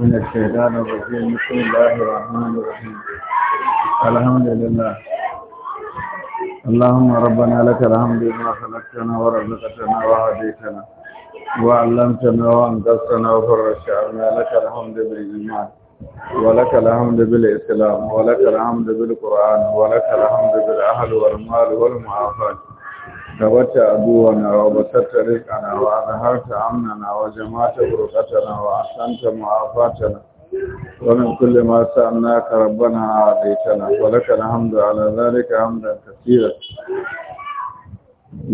من الشيطان الرجيم بسم الله الرحمن الرحيم الحمد لله اللهم ربنا لك الحمد بما خلقتنا ورزقتنا وهديتنا وعلمتنا وانقذتنا وفرجت لك الحمد بالايمان ولك الحمد بالإسلام ولك الحمد بالقرآن ولك الحمد بالأهل والمال والمعافاة da wata abuwa na wa ba sata rika har ta amna na wa jama'ata burkata na asanta mu a fata na wani kulle ma sa an na karabana na wa da ita na wa hamdu ala zalika hamda ka tira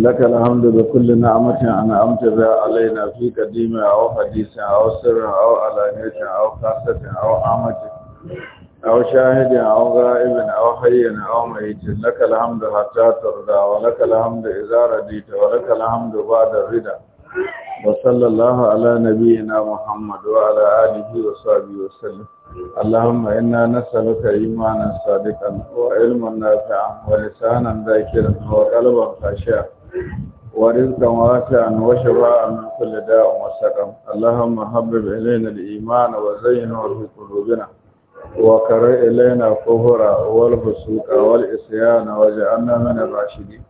laka hamdu da kulle na amatin ana amta za a laina fi kadima a wa hadisa a wa sirrin a wa alaniyar a wa kasatin أو شاهد أو غائب أو حي أو ميت لك الحمد حتى ترضى ولك الحمد إذا رديت ولك الحمد بعد الرضا وصلى الله على نبينا محمد وعلى آله وصحبه وسلم اللهم إنا نسألك إيمانا صادقا وعلما نافعا ولسانا ذاكرا وقلبا خاشعا ورزقا واسعا وشفاء من كل داء وسقم اللهم حبب إلينا الإيمان وزينه في قلوبنا وكر إلينا الكفر والفسوق والعصيان واجعلنا من الراشدين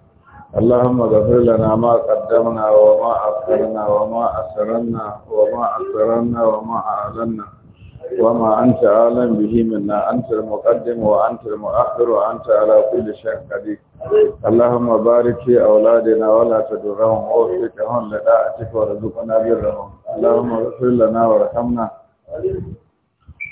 اللهم اغفر لنا ما قدمنا وما أخرنا وما أسررنا وما أسررنا وما أعلنا وما أنت عالم به منا أنت المقدم وأنت المؤخر وأنت على كل شيء قدير اللهم بارك في أولادنا ولا تدرهم ووفقهم لداعتك ورزقنا برهم اللهم اغفر لنا وارحمنا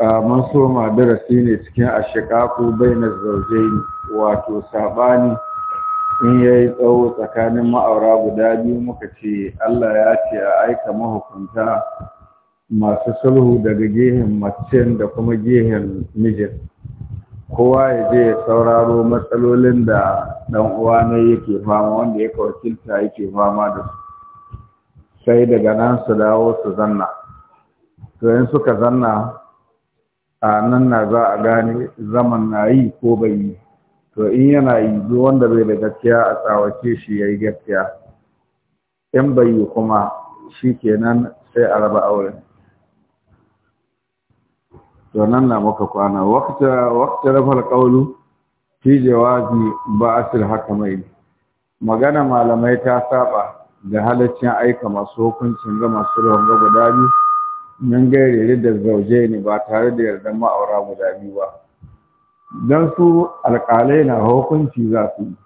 mun ma darasi ne cikin bai baina zawjayn wato sabani in yayi tsawo tsakanin ma'aura guda biyu muka ce Allah ya ce a aika mahukunta masu sulhu daga gehen macen da kuma gehen mijin kowa ya je ya sauraro matsalolin da dan uwa ne yake fama wanda ya wakilta yake fama da su sai daga nan su dawo su zanna to in suka zanna a nan na za a gane zaman na yi ko bai yi to in yana yi duk wanda zai da gaskiya a tsawace shi ya yi gaskiya in bai yi kuma shi kenan sai a raba auren to nan na muka kwana wakta rafar ƙaulu fi jawazi ba sir haka mai magana malamai ta saba da halaccin aika masu hukuncin ga masu ruwan ga guda biyu min gairi da zauje ne ba tare da yarda ma'aura guda biyu ba don su alƙalai na hukunci za su yi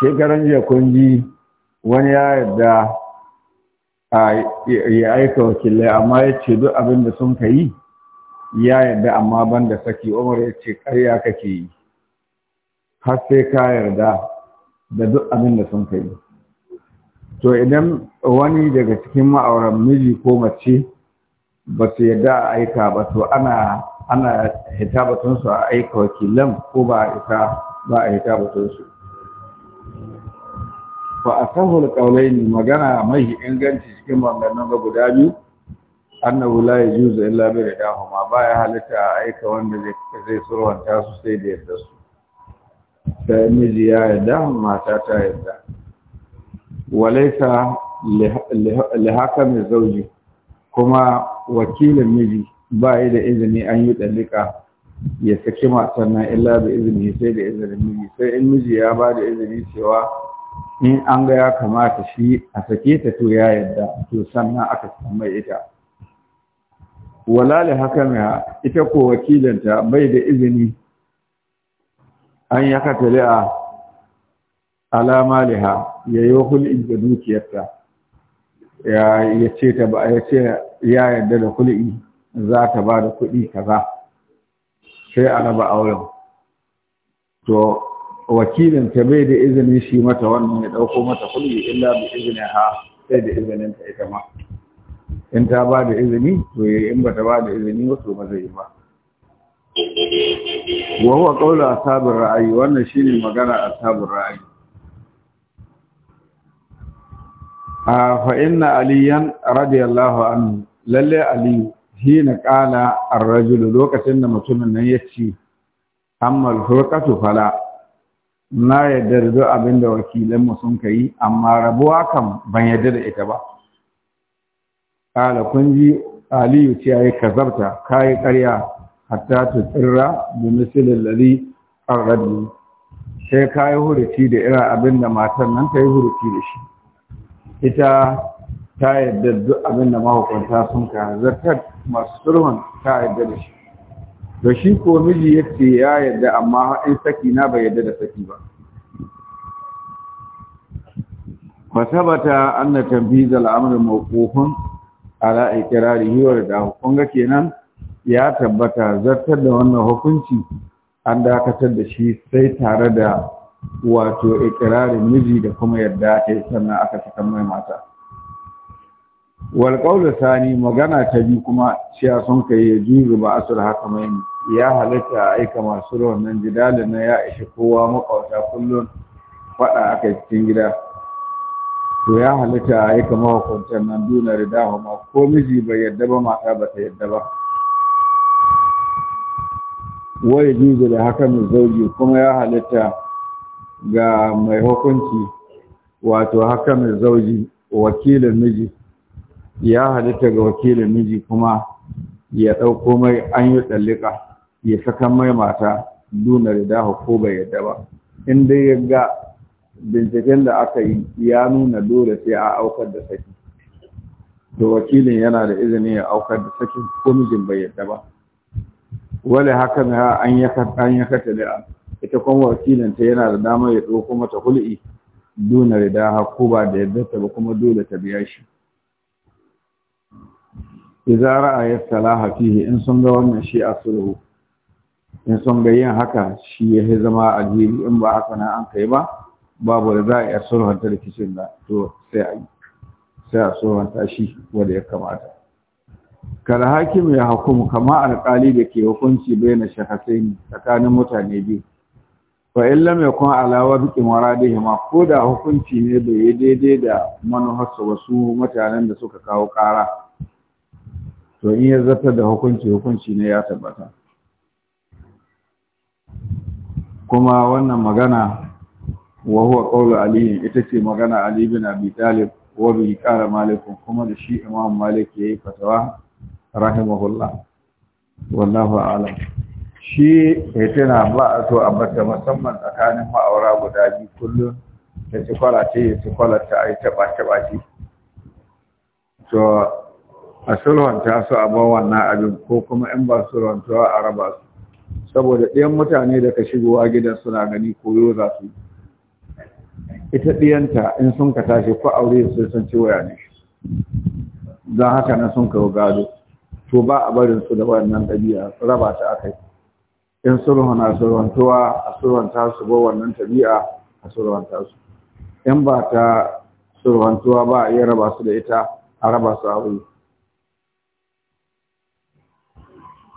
shekaran jiya kun ji wani ya yarda ya aika wakilai amma ya ce duk abin da sun ka yi ya yarda amma ban da saki umar ya ce karya kake yi har sai ka yarda da duk abin da sun ka to idan wani daga cikin ma'auran miji ko mace ba su yadda a aika ba to ana hita batunsu a aika wakilan ko ba a isa ba a hita batunsu fa asahul magana mai inganci cikin maganganun ga guda biyu annahu la yajuzu illa bi ridahuma ya halitta a aika wanda zai surwanta su sai da yadda su sai miji ya yarda mata ta yarda walaita lihakamin zauji kuma wakilin miji ba yi da izini an yi ɗalika ya saki matan nan illa da izini sai da izinin miji sai in miji ya ba da izini cewa in an ga ya kamata shi a sake ta to ya yadda to sannan aka samu ita Walali li ita ko wakilinta bai da izini an yi yaka tali'a alama liha ya yi hulɗin da dukiyarta ya ce ta ba ya ce ya yadda da hulɗi za ta ba da kuɗi kaza sai a raba auren to wakilin ta bai da izinin shi mata wannan ya ɗauko mata hulɗi illa bi izinin ha sai da izinin ta ita ma in ta ba da izini to in ba ta ba da izini wato ba zai yi ba wa huwa qawlu ashabir ra'ayi wannan shine magana ashabir ra'ayi fa inna aliyan radiyallahu anhu lalle aliyu shi na ƙala arrajulu lokacin da mutumin nan yace amma al-furqatu fala na yadda da abin da wakilan mu sun kai amma rabuwa kam ban yadda da ita ba Ƙala kun ji aliyu ce ai kazabta kai ƙarya hatta ta bi da alladhi ar-rajul sai kai huruci da irin abin da matan nan ta yi da shi ita ta yadda duk abin da mahukunta sun ka zartar masu sulhun ta yadda da shi da shi ko miji ya ce ya yadda amma in saki na bai yadda da saki ba fasabata anna tambiz al-amr mawqufun ala iqrarihi wa ridahu kun ga kenan ya tabbata zartar da wannan hukunci an dakatar da shi sai tare da wato ikirarin miji da kuma yadda ta yi sannan aka saka mai mata wal sani magana ta bi kuma cewa sun kai ya juzu ba asr haka mai ya halitta aika masu wannan jidalin na ya ishi kowa makauta kullun fada aka cikin gida to ya halitta aika mahukuntan nan duna ridahu ma ko miji bai yadda ba mata ba ta yadda ba Wai yajuzu da haka mai zauji kuma ya halitta ga mai hukunci wato hakamin zauji wakilin miji ya halitta ga wakilin miji kuma ya ɗauko mai an yi ɗallika ya saka mai mata duna da ko bai yadda ba in dai ya ga binciken da aka yi ya nuna dole sai a aukar da saki da wakilin yana da izini ya aukar da saki ko mijin bai yadda ba wale haka na an yakata da ita kuma wakilinta yana da damar ya ɗauko mata hul'i duna rida hakku ba da yadda ta ba kuma dole ta biya shi idza ra'ayat lahafi fihi in sun ga wannan shi a sulhu in sun ga yin haka shi ya zama alheri in ba haka na an kai ba babu da za a iya sulhunta rikicin da to sai a sai a shi wanda ya kamata kada hakim ya hukumu kama alƙali da ke hukunci bai na shahasai tsakanin mutane biyu fa in lam yakun ala wabqi muradihima ko da hukunci ne bai yi daidai da manuharsu wasu mutanen da suka kawo kara? to in ya zartar da hukunci hukunci ne ya tabbata kuma wannan magana wa huwa qawlu ali ita ce magana ali bin abi talib wa bi qala malik kuma da shi imam malik yayi fatawa rahimahullah wallahu a'lam shi tana ba a so a bata musamman tsakanin ma'aura guda biyu kullum ta ci kwalace ya ci kwalata a yi taɓa taba shi to a sulwanta su a ba wannan abin ko kuma in ba sulhuntawa a raba su saboda ɗiyan mutane da ka shigowa gidan suna gani koyo za su ita ɗiyanta in sun ka tashi ko aure sai sun ci waya ne don haka na sun kawo gado to ba a barin su da wannan ɗabi'a raba ta yi in sulhun na a sulhunta su ba wannan tabi'a a sulhunta su in ba ta sulhuntuwa ba a iya raba su da ita a raba su abu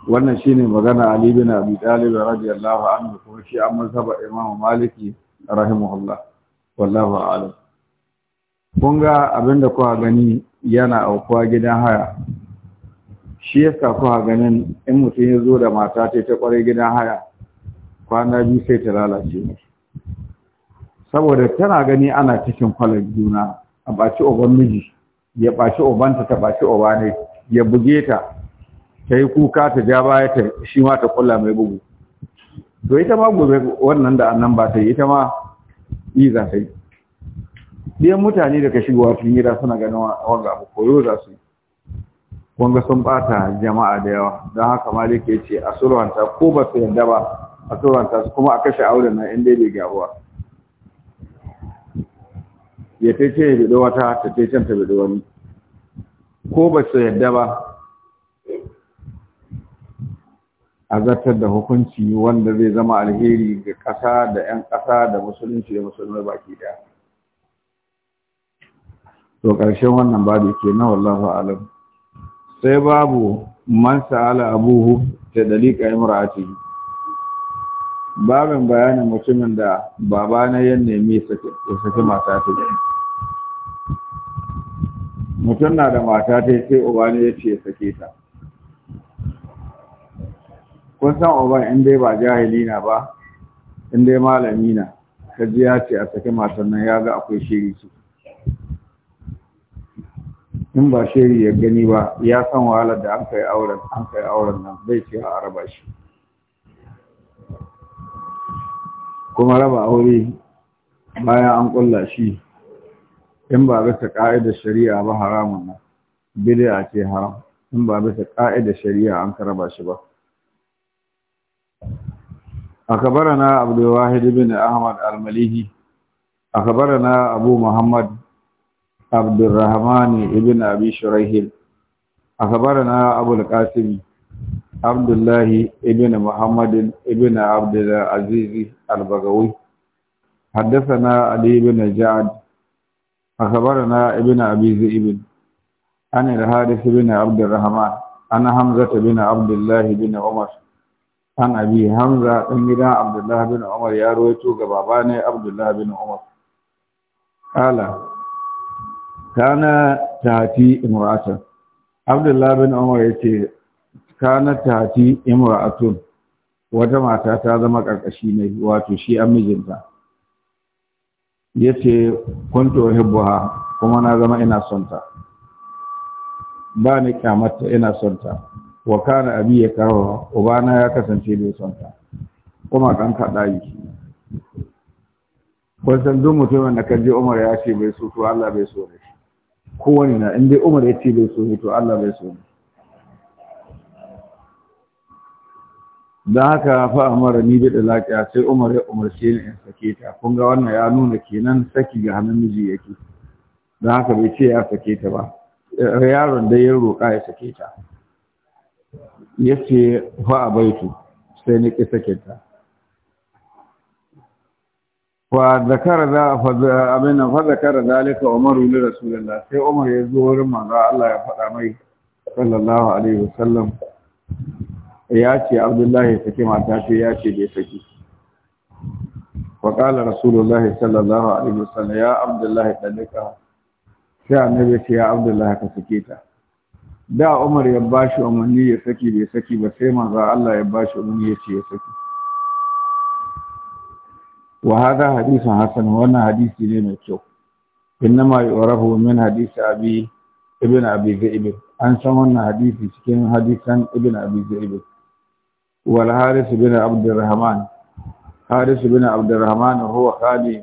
wannan shine magana Ali bin Abi Talib radiyallahu anhu kuma shi an mazhaba Imam Maliki rahimahullah wallahu a'lam kun ga abinda kuka gani yana aukuwa gidan haya shi ya yasa a ganin in mutum ya zo da mata ta ta kwarai gidan haya kwana biyu sai ta lalace mai saboda tana gani ana cikin kwalar juna a baci oban miji ya baci obanta ta baci oba ne ya buge ta ta yi kuka ta ja baya ta shi ma ta kula mai bugu to ita ma gobe wannan da annan ba ta yi ita ma yi za ta yi biyan mutane da ka shigowa cikin gida suna ganin wanga abu koyo za su yi kun ga sun bata jama'a da yawa don haka malik ya ce a sulwanta ko ba su yarda ba a sulwanta su kuma a kashe auren na inda bai gyaruwa ya ta ce ya bido wata ta ce can ta bido wani ko ba su yarda ba a zartar da hukunci wanda zai zama alheri ga ƙasa da 'yan ƙasa da musulunci da musulmai baki daya to ƙarshen wannan babu ke na wallahu alam sai babu man sa'ala abuhu ta dalika imra'ati babin bayanin mutumin da baba na ya nemi ya saki mata ta mutum na da mata ta sai uba ne ya sake ta kun san uban in dai ba jahili na ba in dai malami na kaji ya ce a saki matan nan ya ga akwai shiri ciki in ba shiri ya gani ba ya san wahalar da an kai auren an kai auren nan zai ce a raba shi kuma raba aure bayan an kulla shi in ba bisa ka'idar shari'a ba haramun nan bid'a ce haram in ba bisa ka'idar shari'a an ka raba shi ba أخبرنا عبد الواحد بن أحمد المليهي أخبرنا أبو محمد عبد الرحمن ابن ابي شريحل اخبرنا ابو القاسم عبد الله ابن محمد ابن عبد العزيز البغوي حدثنا علي بن جعد اخبرنا ابن ابي ذئب عن الحارث بن عبد الرحمن عن حمزه بن عبد الله بن عمر عن أبي حمزة بن عبد الله بن عمر يا رويتو قباباني عبد الله بن عمر قال kana tati imra'atan abdullahi bin umar ya ce kana tati imra'atun wata mata ta zama karkashi ne wato shi an mijinta Ya ce kuntu hibbuha kuma na zama ina son ta ba ni kyamata ina son ta wa kana abi ya kawo? ubana ya kasance bai son ta kuma kan kaɗa yi kun san duk mutumin da kan ji Umar ya ce bai so to Allah bai so ne kowane na inda umar ya ce bai so ne to Allah bai so ne da haka fa amara ni bi dalaqiya sai umar ya umarce ni in sake ta kun ga wannan ya nuna kenan saki ga hannun miji yake don haka bai ce ya sake ta ba yaron da ya roƙa ya sake ta ce fa baitu, sai ni ki sake ta fa zakara za fa abin nan fa zakara zalika Umar li Rasulullah sai Umar ya zo wurin manzo Allah ya faɗa mai sallallahu alaihi wasallam ya ce Abdullahi ya saki mata ce ya ce bai saki wa qala sallallahu alaihi wasallam ya Abdullahi dalika sai annabi ce ya Abdullahi ka sake ta da Umar ya bashi umarni ya saki bai saki ba sai manzo Allah ya bashi umarni ya ya saki wa hadha Hassan wannan hadisi ne mai kyau innama yu'rafu min hadisi abi ibn abi an san wannan hadisi cikin hadisan ibn abi zaib wal haris bin abdurrahman haris bin abdurrahman huwa qadi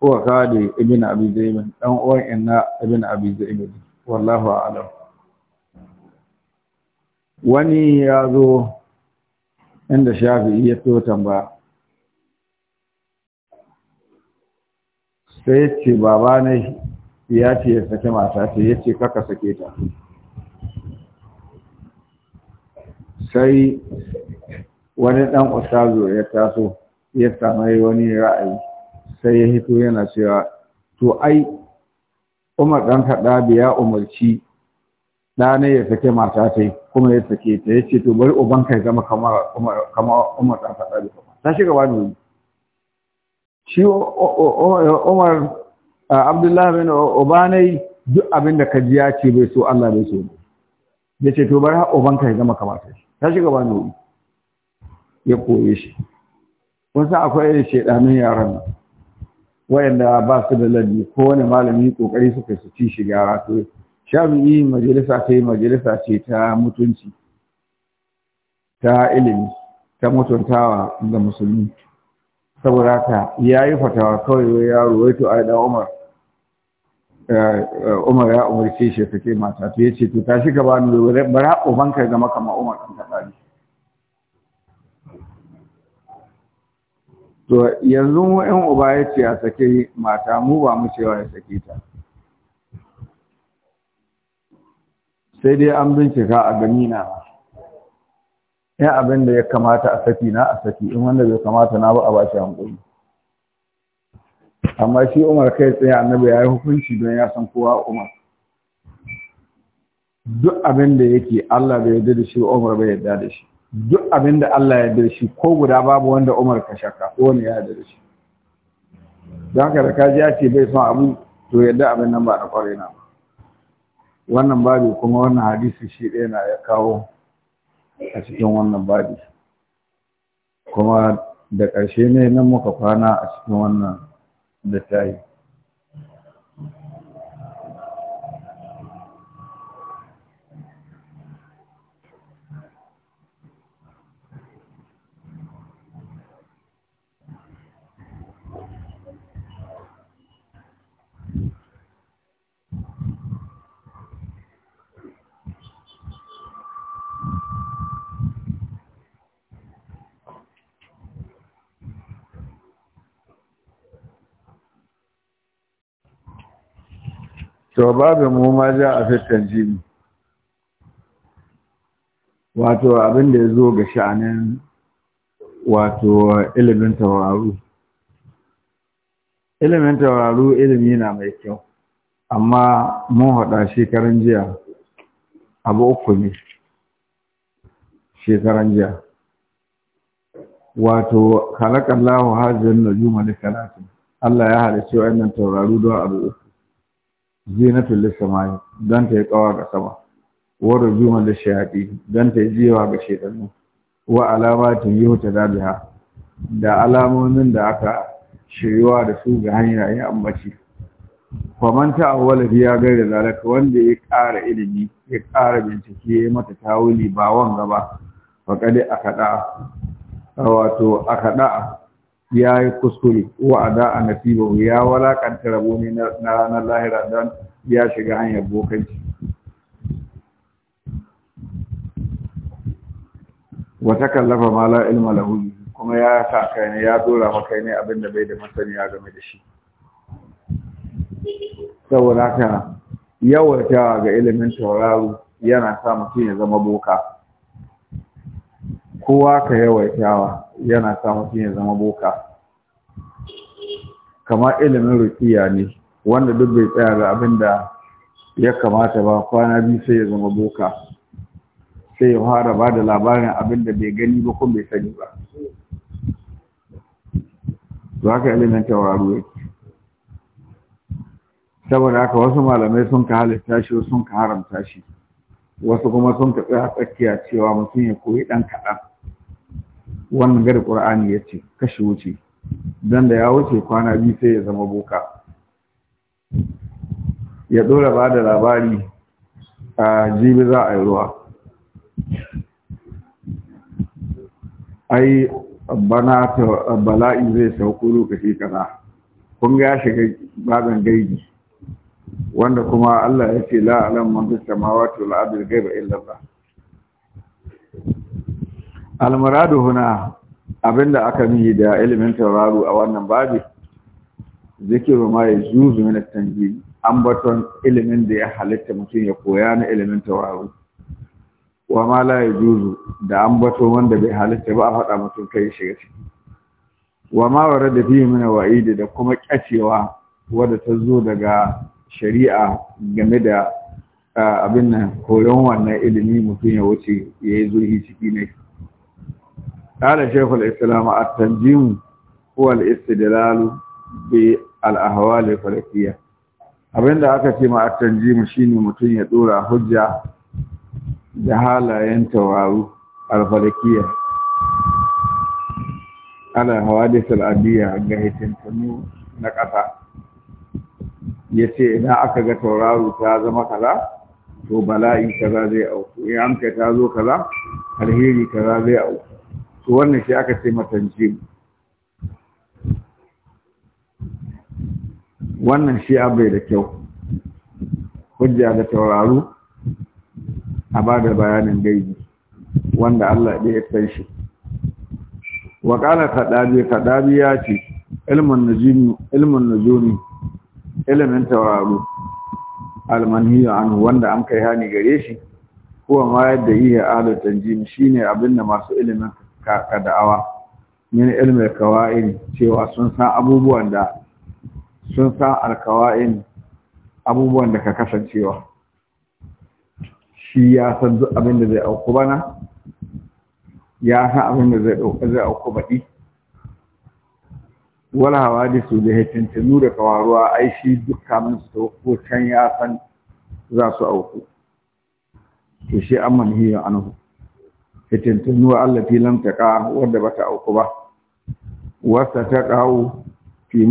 huwa qadi ibn abi zaib uwan inna ibn abi zaib wallahu a'lam wani ya zo inda shafi'i ya to tambaya sai ya ce baba ne ya ce ya sake mata ta ya ce kaka sake ta sai wani ɗan ustazo ya taso ya samai wani ra'ayi sai ya hito yana cewa to ai umar ɗan kaɗabi ya umarci ɗana ya sake mata ta kuma ya sake ta ya ce to bari uban kai zama kama umar ɗan kuma ta shiga wani wuri shi umar abdullahi bin obanai duk abin da kaji ya ce bai so Allah bai so ya ce to bari oban ka ya zama kamata shi ta shiga ba nuri ya koye shi wasu akwai shaidanun yaran nan wayanda ba su da ladi ko wani malami kokari suka su ci shi gara to shafi'i majalisa ce majalisa ce ta mutunci ta ilimi ta mutuntawa ga musulmi saboda haka ya yi fatawa kawai wai yaro wai to a dan Umar eh, Umar ya umarci shi ce mata to ce to tashi ka bani bara uban ka zama kama Umar kan kadari to yanzu in uba ce a sake mata mu ba mu cewa ya sake ta sai dai an bincika a gani na in abin da ya kamata a saki na a saki in wanda bai kamata na ba a bashi hankali amma shi umar kai tsaye annabi ya yi hukunci don ya san kowa umar duk abin da yake Allah bai yarda da shi umar bai yarda da shi duk abin da Allah ya yarda da shi ko guda babu wanda umar ka shakka ko ne ya yarda da shi don haka da ka ji ya ce bai son abu to yarda abin nan ba na kwarai na ba wannan babu kuma wannan hadisi shi ɗaya na ya kawo a cikin wannan babi kuma da ƙarshe ne nan muka kwana a cikin wannan littafi to babu mu ma ja a fitan jini wato abin da ya zo ga sha'anin wato ilimin tauraru ilimin tauraru ilimi na mai kyau amma mun haɗa shekaran jiya abu uku ne shekaran jiya wato halakallahu hajjin najuma da kalatin Allah ya halicci wa'annan tauraru don abu uku zinatul lissamai don ta yi ga sama wa da lishayati don ta yi jiwa ga shedanu wa alamatin yuhtada biha da alamomin da aka shiryuwa da su ga hanya yi ambaci faman ta awwala biya da zalaka wanda ya ƙara ilimi ya ƙara bincike ya mata tawuli ba gaba ba kada a kaɗa wato a kaɗa ya yi kuskure a da, a nasiba ya walakanta rabo ne na ranar lahira don ya shiga hanyar bokanci wata kallafa ma ilma kuma ya sa kai ne ya dora maka ne abin bai da masaniya game da shi saboda yawar kyawa ga ilimin tauraro yana sa mutum ya zama boka kowa ka yawaitawa yana sa mutum ya zama boka kama ilimin rukiya ne wanda duk bai tsaya ga abin da ya kamata ba kwana biyu sai ya zama boka sai ya fara ba da labarin abin da bai gani ba kuma bai sani ba to haka ilimin tauraro ke saboda haka wasu malamai sun ka halitta shi sun ka haramta shi wasu kuma sun ka tsaya tsakiya cewa mutum ya koyi ɗan kaɗan wannan gari ƙur'ani ya ce kashe wuce Dan da ya wuce kwana biyu sai ya zama boka ya dora ba da labari a jibi za a yi ruwa ai bala'i zai sauko lokaci kana kun ga ya shiga babin gaibi wanda kuma Allah ya ce la alam man fi samawati wal ardi ghaiba illa huna Abin da aka yi da ilimin tauraro a wannan babi zikiru ma ya zuzu mana tanjiri ambaton ilimin da ya halitta mutum ya koya na ilimin tauraro wa ma la ya zuzu da ambaton wanda bai halitta ba a faɗa mutum kai shiga ciki wa ma wa da fiye mana wa'idi da kuma kyacewa wadda ta zo daga shari'a game da abin nan koyon wannan ilimi mutum ya wuce ya yi zurfi ciki ne قال شيخ الإسلام التنجيم هو الاستدلال بالأهوال الفلكية abinda aka ce ma at shine mutum ya ɗora hujja da halayen tawaru al-falakiyya ala hawadith al-adiyya ga hitintunu na kasa yace idan aka ga tauraro ta zama kaza to bala'i kaza zai auku in amka ta zo kaza alheri kaza zai auku to wannan shi aka ce jim. wannan shi abai da kyau hujja da tauraro a ba da bayanin gaibi wanda Allah ya san shi wa ƙala kadabi kadabi ya ce ilmun nujumi ilimin tauraro almanhiyu anhu wanda an kai hani gare shi kuwa ma yadda yi ya adaltan jim shine abinda masu ilimin ka da'awa min ilmi kawa'in cewa sun san abubuwan da sun san alkawa'in abubuwan da ka kasancewa shi ya san duk abin da zai auku bana ya san abin da zai dauka zai auku baɗi wala hawadisu da hitintinu da kawaruwa ai shi min su ko can ya san za su auku to shi an manhiyar anhu fitintunu allati lam taqa wanda bata auku ba wasa ta qawu fi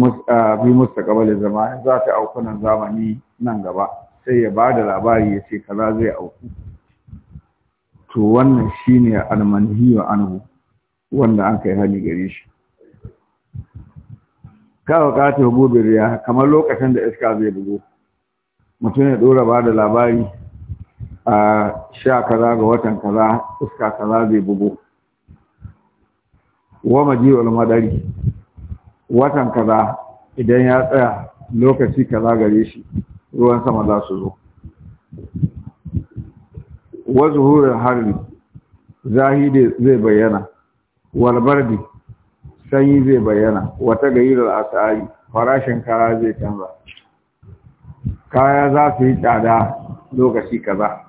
fi mustaqbal zamani za ta auku nan zamani nan gaba sai ya bada labari ya ce kaza zai auku to wannan shine almanhiyu anhu wanda an kai hali gare shi kawo katin gobe riya kamar lokacin da iska zai bugo mutum ya dora ba da labari a sha kaza ga watan kaza iska kaza zai bugo wa majiwal madari watan kaza idan ya tsaya lokaci kaza gare shi ruwan sama za su zo wa hurin harin, zahidi zai bayyana walbardi sanyi zai bayyana wata gayirar asari farashin kaya zai canza kaya za su yi tsada lokaci kaza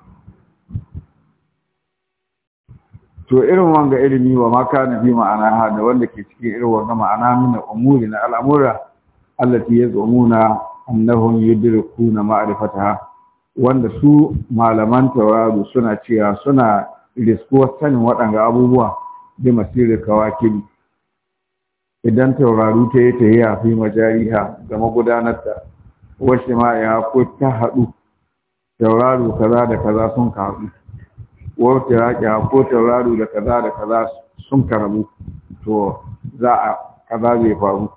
to irin wanga ilimi wa ma kana bi ma'ana hada wanda ke cikin irin wanga ma'ana min umuri na al'amura allati yazumuna annahum yudrikuna ma'rifataha wanda su malaman tawaru suna cewa suna riskuwar sanin waɗanga abubuwa bi masirin kawakin idan tauraru ta yi ta yi a fi majariha ga magudanarta wasu ma'a ya ko ta haɗu tauraru kaza da kaza sun ka haɗu wa tiraqiha ko tauraro da kaza da kaza sun karamu to za a kaza zai faru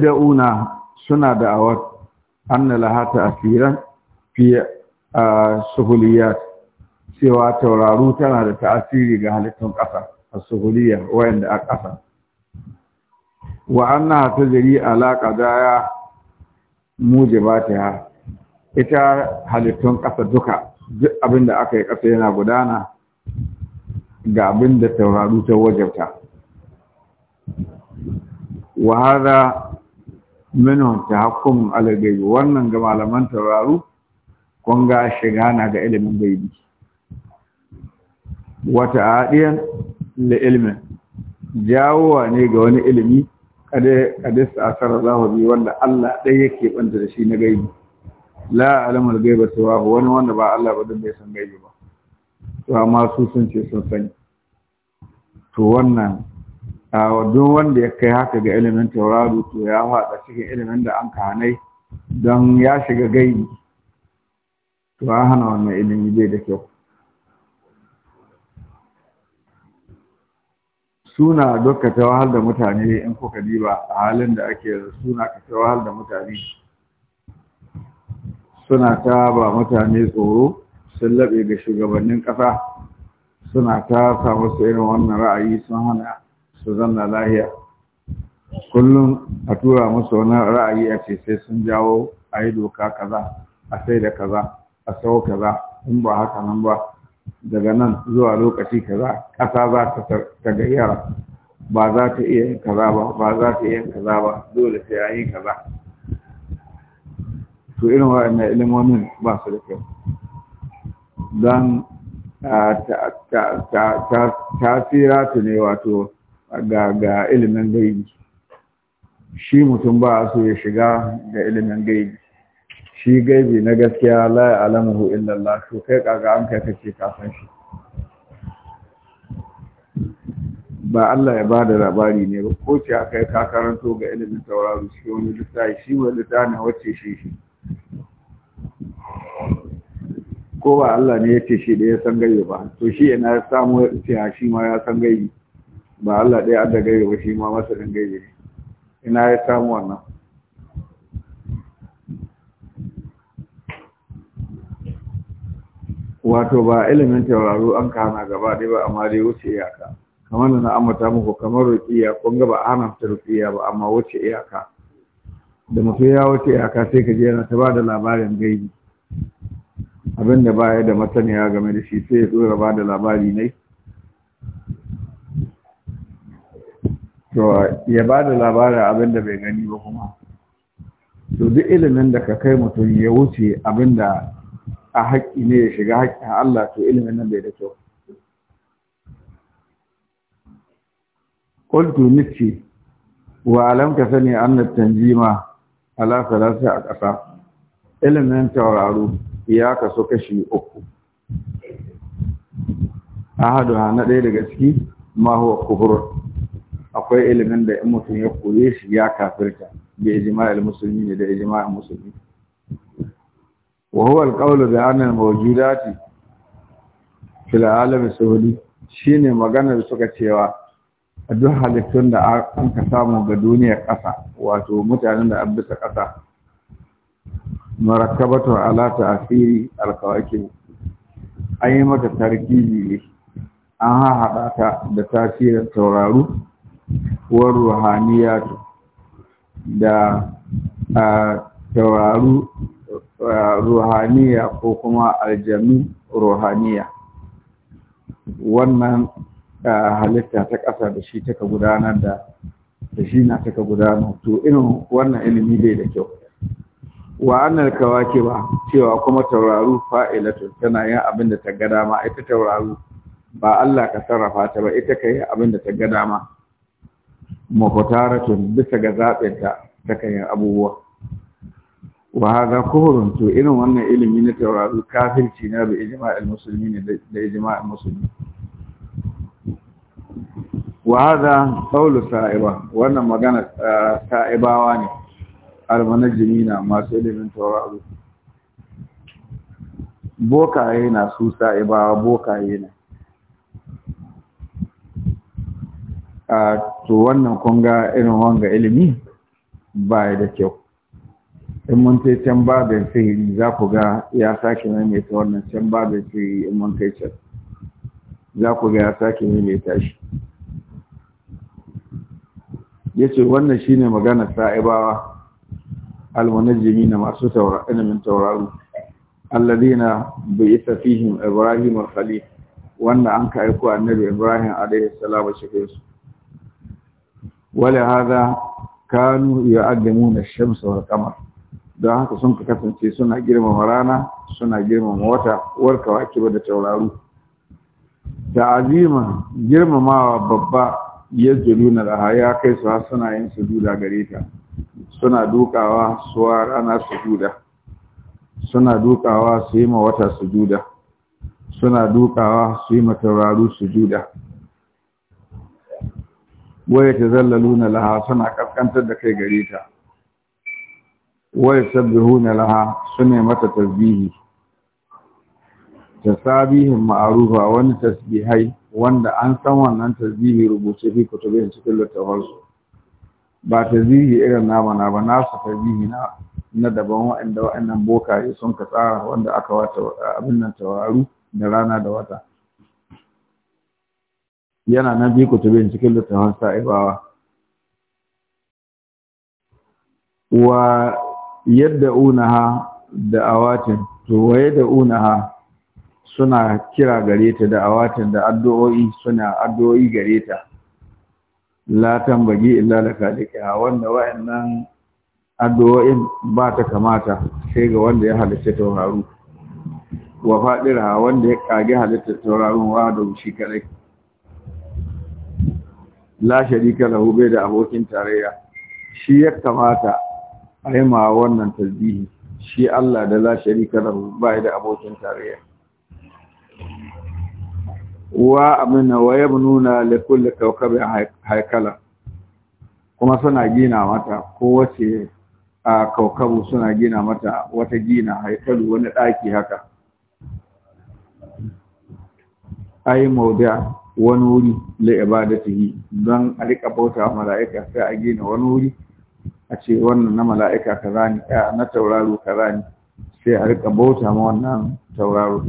da Una suna da'awar anna lahata asiran fi suhuliyat cewa tauraro tana da ta'asiri ga halittun ƙasa a suhuliya wayanda a ƙasa wa anna tajri ala qadaya mujibatiha ita halittun ƙasa duka duk abin da aka yi ƙasa yana gudana ga abin da tauraru ta wajabta wa minun ta tahakkum ala wannan ga malaman tauraru kun ga shiga na ga ilimin gaibi wata haɗiyar da ilimin jawowa ne ga wani ilimi kada kada sa asar wanda Allah ɗaya ke ɓanta da shi na gaibi la alamul gaiba tawahu wani wanda ba Allah ba bai san gaibi ba to amma su sun ce sun sani to wannan a duk wanda ya kai haka ga ilimin tauraro to ya haɗa cikin ilimin da an kanai don ya shiga gaibi to a hana wannan ilimi bai da kyau suna duka tawahal da mutane in kuka diba a halin da ake suna ka tawahal da mutane suna ta ba mutane tsoro sun laɓe ga shugabannin ƙasa suna ta samu su irin wannan ra'ayi sun hana su zanna lahiya kullum a tura musu wani ra'ayi a ce sai sun jawo a yi doka kaza a sai da kaza a sau kaza in ba haka nan ba daga nan zuwa lokaci kaza ƙasa za ta gayyara ba za ta iya yin kaza ba ba za ta iya yin kaza ba dole sai a yi kaza to irin waɗannan ilimomin ba su da kyau don tasira ta ne wato ga ilimin gaibi shi mutum ba su ya shiga ga ilimin gaibi shi gaibi na gaskiya la alamuhu illallah su kai kaga an kai kake ka shi ba Allah ya bada labari ne ba ko ce aka yi ka karanto ga ilimin tauraro shi wani littafi shi wani littafi wacce shi shi ko ba Allah ne ya ce shi da ya san gaibe ba to shi yana ya samu ya ah, shi ma ya san gaibe ba Allah ɗaya adda gaibe ba shi ma masanin gaibe ne ina ya samu wannan wato ba ilimin tauraro an kana gaba ɗaya ba amma dai wuce iyaka kamar da na ambata muku kamar rukiya kun ga ba ana ta rukiya ba amma wuce iyaka da mutum ya wuce iyaka sai ka je yana ta ba da labarin gaibi abin da baya da masaniya game da shi sai ya tsora ba bada labari ne ya ba da labarin abin da bai gani ba kuma to duk ilimin da ka kai mutum ya wuce abin da a haƙƙi ne ya shiga a Allah to ilimin nan bai da kyau qultu nitti wa alam sani anna tanjima ala salasa a ƙasa ilimin tauraro ya kaso kashi uku a na ɗaya daga ciki ma huwa kufur akwai ilimin da in mutum ya koye shi ya kafirta bi ijma'il musulmi ne da ijma'in musulmi wa huwa alqawlu bi anna mawjudati fil alam saudi shine maganar suka cewa duk halittun da an ka samu ga duniyar ƙasa wato mutanen da an bisa ƙasa marakkabatu ala ta'siri alqawaqib an yi mata tarkibi ne an haɗa ta da tasirin tauraru, war ruhaniyatu da tauraru ruhaniya ko kuma aljami ruhaniya wannan halitta ta ƙasa da shi taka gudanar da shi na taka gudanar to irin wannan ilimi bai da kyau wa annal kawakiba cewa kuma tauraru fa'ilatun tana yin abin da ta ga dama ita tauraru ba Allah ka sarrafa ta ba ita kai abin da ta ga dama mafutaratun bisa ga zaben ta kayan abubuwa wa hada kuhurun to irin wannan ilimi na tauraru kafirci na bi ijma'il musulmi ne da ijma'il musulmi wa hada qawlu sa'iba wannan magana ah, sa'ibawa ne almanajimi na masu ilimin tauraro bokaye na su sa'ibawa bokaye ne a to wannan kunga irin wanga ilimi ba da kyau in mun ce can babin sihiri za ku ga ya sake maimaita wannan can babin sihiri in mun kai can za ku ga ya sake maimaita shi ya ce wannan shine magana sa'ibawa almunajjimi na masu ilimin tauraro alladina bai isa fihim ibrahim al wanda an ka aiko annabi ibrahim alaihi salam cikin su wala hada kanu ya'addamuna ash-shamsa wal qamar don haka sun ka kasance suna girmama rana suna girmama wata warka ba da tauraro da azima girmamawa babba ya zuluna da ya kai su har suna yin sujuda gare ta suna dukawa suwa rana sujuda suna dukawa su yi ma wata sujuda suna dukawa su yi ma tauraru sujuda waya ta na laha suna kaskantar da kai gare ta waya na laha su ne mata tasbihi Ta sabihin ma'arufa wani tasbihai wanda an san wannan tasbihi rubuce fi kutubin cikin littafansu ba ta zihi irin nama na ba nasu ta zihi na na daban wa'anda wa'annan bokaye sun ka tsara wanda aka wata abin nan tawaru da rana da wata yana nan bi bin cikin littafin sa'ibawa wa yadda unaha da awatin to waye da unaha suna kira gare ta da awatin da addu'o'i suna addu'o'i gare ta latan bagi illa da kalikiya wanda wa'annan addu'o'in ba ta kamata sai ga wanda ya halitta tauraru wa faɗira wanda ya kage halitta tauraro, wa da shi kadai la sharika lahu bai da abokin tarayya shi ya kamata a yi ma wannan tasbihi shi Allah da la sharika lahu bai da abokin tarayya wa amina wa yabnuna li kulli kawkabin haikala kuma suna gina mata ko wace a kaukabu suna gina mata wata gina haikalu wani ɗaki haka ai mauda wani wuri la ibadatihi don a rika bauta wa mala'ika sai a gina wani wuri a ce wannan na mala'ika kaza ne na tauraro kaza ne sai a rika bauta ma wannan tauraro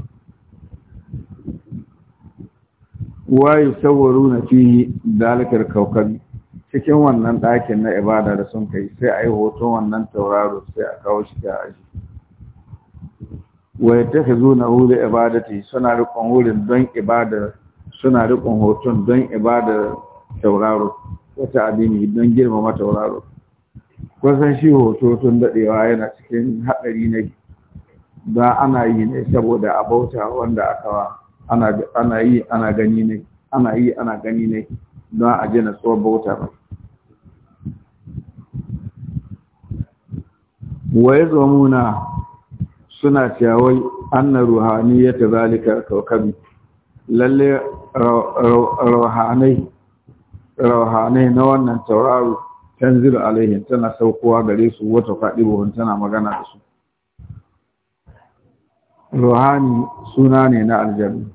wa yusawwaruna fihi dalikal kawkabi cikin wannan ɗakin na ibada da sun kai sai a yi hoton wannan tauraro sai a kawo shi ta aji wa yattakhizuna hu li ibadati suna rikon wurin don ibada suna rikon hoton don ibada tauraro wata abini don girmama tauraro kusan shi hoto tun daɗewa yana cikin haɗari na ba ana yi ne saboda a bauta wanda aka wa ana yi ana gani ne ana yi ana gani ne don a jina tsohon bauta ba waye zamuna suna ciyawai annar ta zalika kaukabi lalle rauhanai rauhanai na wannan tauraro tanzilu alaihin tana saukowa gare su wata faɗi buhun tana magana da su ruhani suna ne na aljami.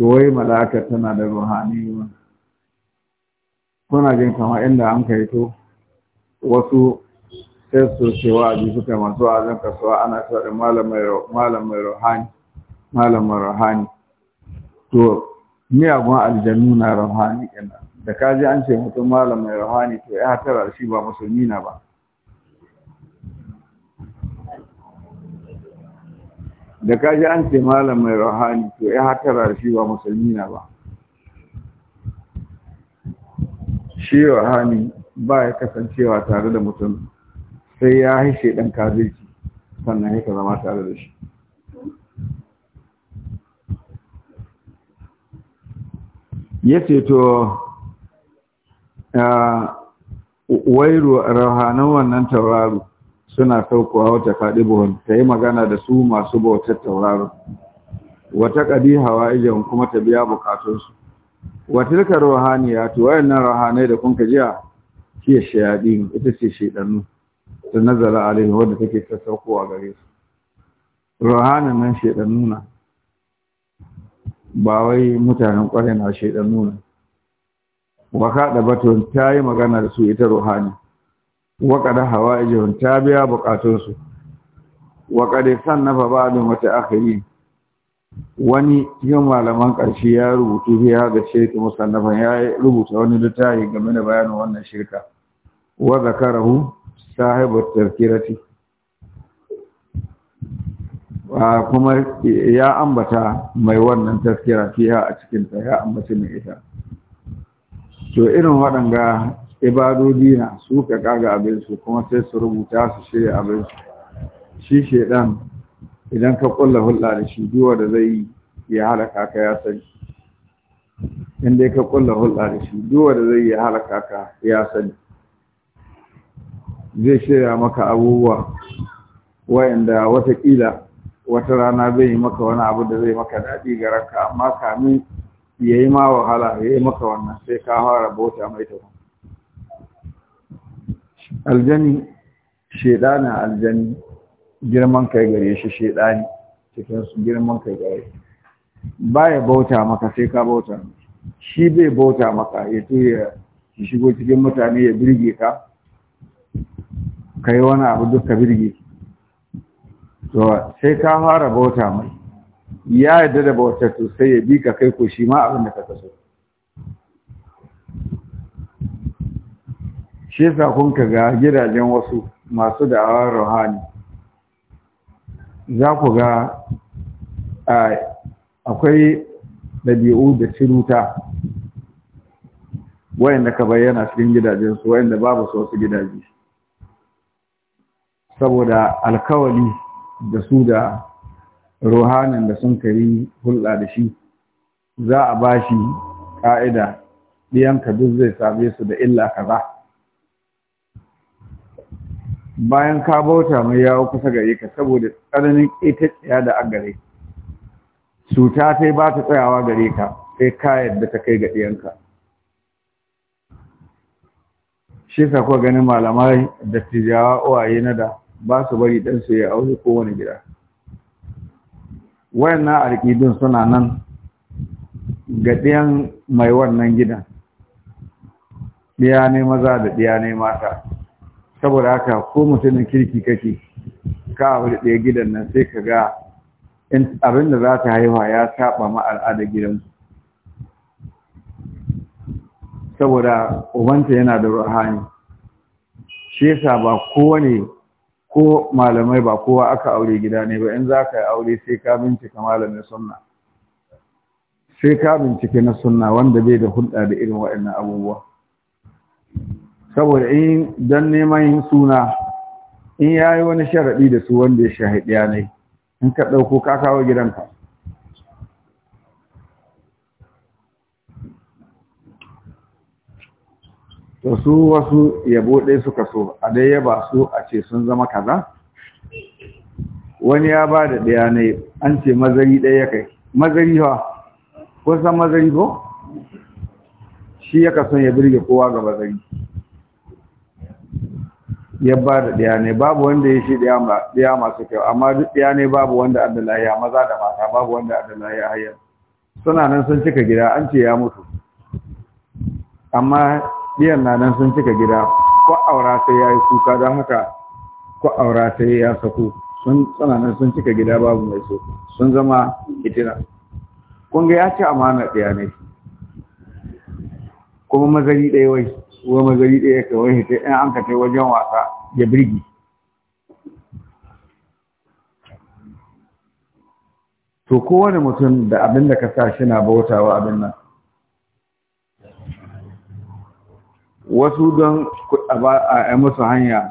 to wai mala'ika tana da ruhaniyu kuna jin kama inda an kai to wasu sai su cewa a suka masu a zan kasuwa ana shaɗin malamai ruhani malamai ruhani to miyagun aljanu na ruhani kenan da kaji an ce mutum malamai ruhani to ya tara shi ba musulmi na ba da kaji an ce malam mai rahani to ya haka shi ba musulmi na ba shi ruhani ba ya kasancewa tare da mutum sai ya haishe ɗan kazirci sannan ya zama tare da shi ya ce to wairu ruhanan wannan tauraro suna saukowa wata buhun ta yi magana da su masu bautar tauraro wata ƙadi hawa ijan kuma ta biya bukatunsu watilka ruhaniya to nan ruhanai da kun kajiya shi shayaɗi ita ce shaidannu ta nazara alaihi wadda take ta saukowa gare su ruhanan nan shaidannu na ba wai mutanen ƙwarai na shaidannu na wa kaɗa batun ta yi magana da su ita ruhani wa hawa hawaijihum ta biya bukatunsu wa qad sannafa ba'du mutaakhirin wani yin malaman ƙarshe ya rubutu biya ga shirka musannafan ya rubuta wani littafi game da bayanin wannan shirka wa zakarahu sahibu tafkirati kuma ya ambata mai wannan tafkira fiya a cikinta ya ambaci mai ita to irin waɗanga ibadodi na su ka kaga su kuma sai su rubuta su shirya su shi shaidan idan ka kulla hulɗa da shi duwa da zai yi ya halaka ka ya sani in dai ka kulla hulɗa da shi duwa da zai yi ya halaka ka ya sani zai shirya maka abubuwa wayanda watakila wata rana zai yi maka wani abu da zai maka daɗi ga ranka amma kamin ya yi ma wahala ya yi maka wannan sai ka fara bauta mai tafiya aljani shedana aljani girman kai gare shi shedani cikin su girman kai gare Ba baya bauta maka sai ka bauta shi bai bauta maka ya tuya ya shigo cikin mutane ya birge ka kai wani abu duk ka birge to sai ka fara bauta mai ya yarda da bautar to sai ya bi ka kai ko shi ma abin da ka kaso shi yasa kun ka ga gidajen wasu masu da da'awar ruhani za ku ga akwai ɗabi'u da ciruta wayanda ka bayyana cikin gidajensu wayanda babu su wasu gidaje saboda alkawali da su da ruhanin da sun kari hulɗa da shi za a ba shi ƙa'ida ɗiyanka duk zai same su da illa kaza bayan ka bauta mai yawo kusa gare ka saboda tsananin ita tsaya da a gare cuta sai ba ta tsayawa gare ka sai ka yadda ta kai ga ɗiyanka shi sa kuwa ganin malamai da tijawa uwaye na da ba su bari su ya aure kowane gida wayannan alƙidun suna nan ga ɗiyan mai wannan gidan ɗiya ne maza da ɗiya ne mata saboda haka ko mutumin kirki kake ka wuri ɗaya gidan nan sai ka ga abin da za ta haihuwa ya saba ma al'ada gidan saboda ubanta yana da ruhani shi yasa ba kowane ko malamai ba kowa aka aure gida ne ba in za ka yi aure sai ka bincika malamin sunna sai ka bincike na sunna wanda bai da hulɗa da irin waɗannan abubuwa saboda in don neman yin suna in ya yi wani sharaɗi da su wanda ya shahidi ya in ka ɗauko ka kawo gidanka to su wasu yabo ɗai suka so a dai yaba su a ce sun zama kaza wani ya ba da ɗaya ne an ce mazari ɗaya ya kai mazari ha Kusan mazari ko shi ya kasan ya birge kowa ga mazari ya ba da ɗaya ne babu wanda ya shi ɗaya masu kyau amma duk ɗaya ne babu wanda adda lahiya maza da mata babu wanda adda lahiya hayar suna nan sun cika gida an ce ya mutu amma ɗiyan na nan sun cika gida ko aura sai ya yi kuka don haka ko aura sai ya sako sun suna nan sun cika gida babu mai so sun zama itina kun ga ya ce amana ɗaya ne kuma mazari ɗaya wai wai mazari ɗaya ka wani hita ɗan an ka wajen wasa ya birgi to kowane mutum da abin da ka sa shi na bautawa abin nan wasu don a musu hanya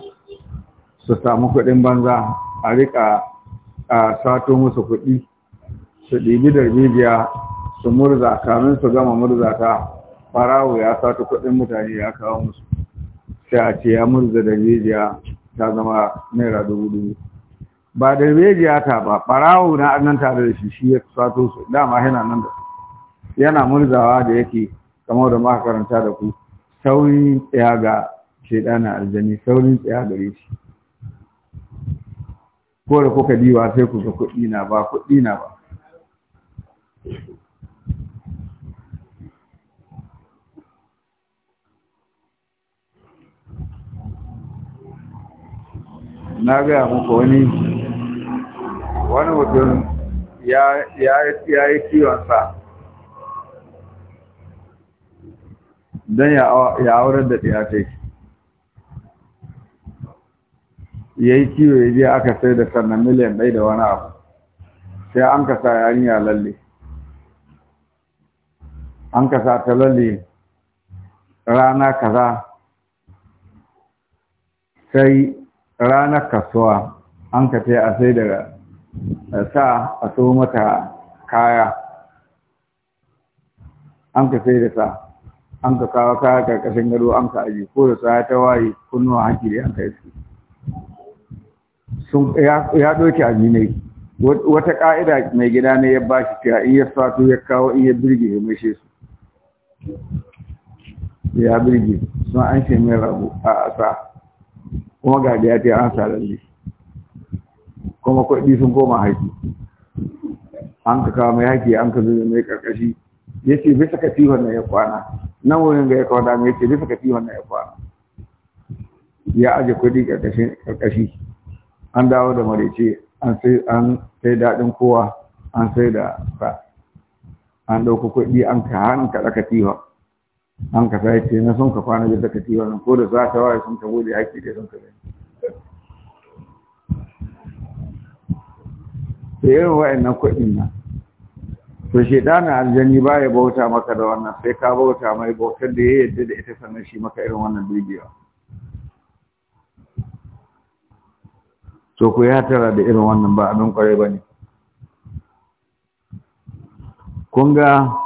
su samu kuɗin banza a rika a sato musu kuɗi su ɗibi darbejiya su murza kamin su gama murza ta farawo ya sato kuɗin mutane ya kawo musu sai a ce ya murza da rijiya ta zama naira dubu dubu ba da rijiya ta ba farawo na annan tare da shi shi ya sato su dama yana nan da yana murzawa da yake kamar da makaranta karanta da ku saurin tsaya ga shaidanin aljani saurin tsaya gare shi ko da kuka diwa sai ku ga kuɗi na ba kuɗi na ba na gaya muku wani wani mutum ya yi kiwonsa don ya auren da ɗiyatai ce ya yi kiwo ya je aka sai da sannan miliyan ɗai da wani abu sai an ka sa yarinya lalle an ka ta lalle rana kaza sai ranar kasuwa an ka ta a sai daga sa a so mata kaya an ka sai da sa an ka kawo kaya karkashin gado an ka aji ko da sa ta waye kunnuwa hanki da an ka yi sun ya doke a ne wata ka'ida mai gida ne ya bashi fiya in ya sato ya kawo in ya birge ya mashe su ya birge sun an shi mai rabu a asa kuma ga da ya ce an sararri kuma kuɗi sun koma haƙi an ka kama mai an ka zuwa mai ƙarƙashi ya ce bisa katifan na ya kwana nan wurin ga ya kawo dama ya ce bisa katifan na ya kwana ya aje kuɗi ƙarƙashi an dawo da marece an sai daɗin kowa an sai da sa an ɗauka kuɗi an ka hanka ɗaka tiwa an ka sai ce na sun ka kwana da zaka ci wannan, ko da za ta waye sun ka bude aiki da sun ka gani to irin na kuɗin ina to na aljani ba ya bauta maka da wannan sai ka bauta mai bautar da ya yadda da ita sannan shi maka irin wannan bidiyo to ku ya tara da irin wannan ba abin kwarai ba ne kun ga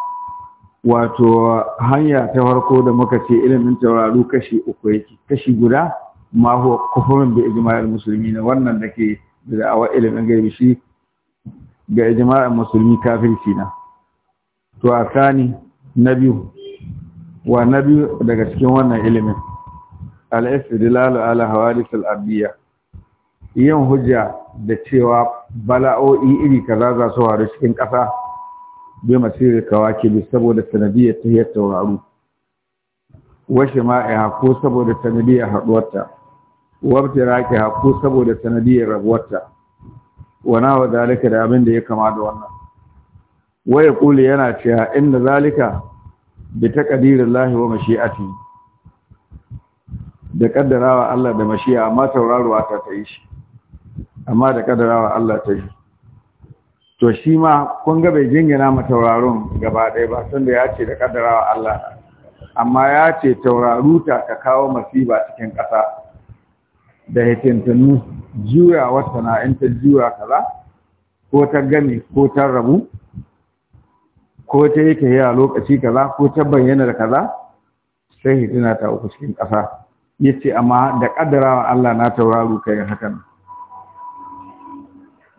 wato hanya ta farko da muka ce ilimin tauraro kashi uku yake kashi guda ma huwa kufurin bi musulmi na, wannan da ke da awa ilimin gaibi shi ga ijma'il musulmi kafirci na to a tsani na biyu wa na biyu daga cikin wannan ilimin al-istidlalu ala hawadith al yin hujja da cewa bala'o'i iri kaza za su faru cikin ƙasa bi masiri kawakibi saboda sanadiyar tahiyar tauraro Wa ma'a ko saboda sanadiyar haɗuwarta wabtiraki ko saboda sanadiyar rabuwarta wana wa zalika da abin da ya kama da wannan waya kuli yana cewa inda zalika bi taqdirin lahi wa mashi'ati da kaddarawa Allah da mashi'a amma tauraro ta ta yi shi amma da kaddarawa Allah ta yi to shi ma kun ga bai jingina ma tauraron gaba ɗaya ba sanda ya ce da kaddarawa Allah amma ya ce tauraru ta kawo masiba cikin ƙasa da hitintunnu juya wata na in ta juya kaza ko ta gami ko ta rabu ko ta yi ka yi a lokaci kaza ko ta bayyana da kaza sai hitina ta uku cikin ƙasa yace amma da kaddarawa Allah na tauraru kai hakan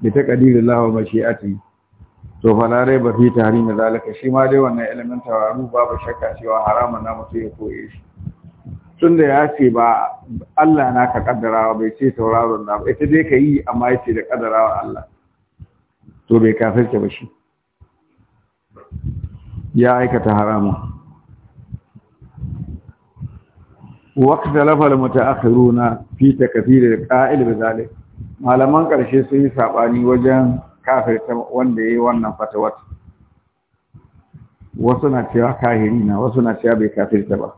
bi taqdirillah wa ati to fa rai raiba fi na zalaka shi ma dai wannan ilimin tawaru babu shakka cewa haramun na mutum ya koye shi tunda ya ce ba Allah na ka kaddarawa bai ce tauraron na ba ita dai ka yi amma ya ce da kaddarawa Allah to bai kafirce ba shi ya aikata haramun وقت al-muta'akhiruna fi takfir القائل بذلك malaman ƙarshe sun yi saɓani wajen kafirta wanda ya yi wannan fatawar. wasu na cewa kahiri na wasu na cewa bai kafirta ba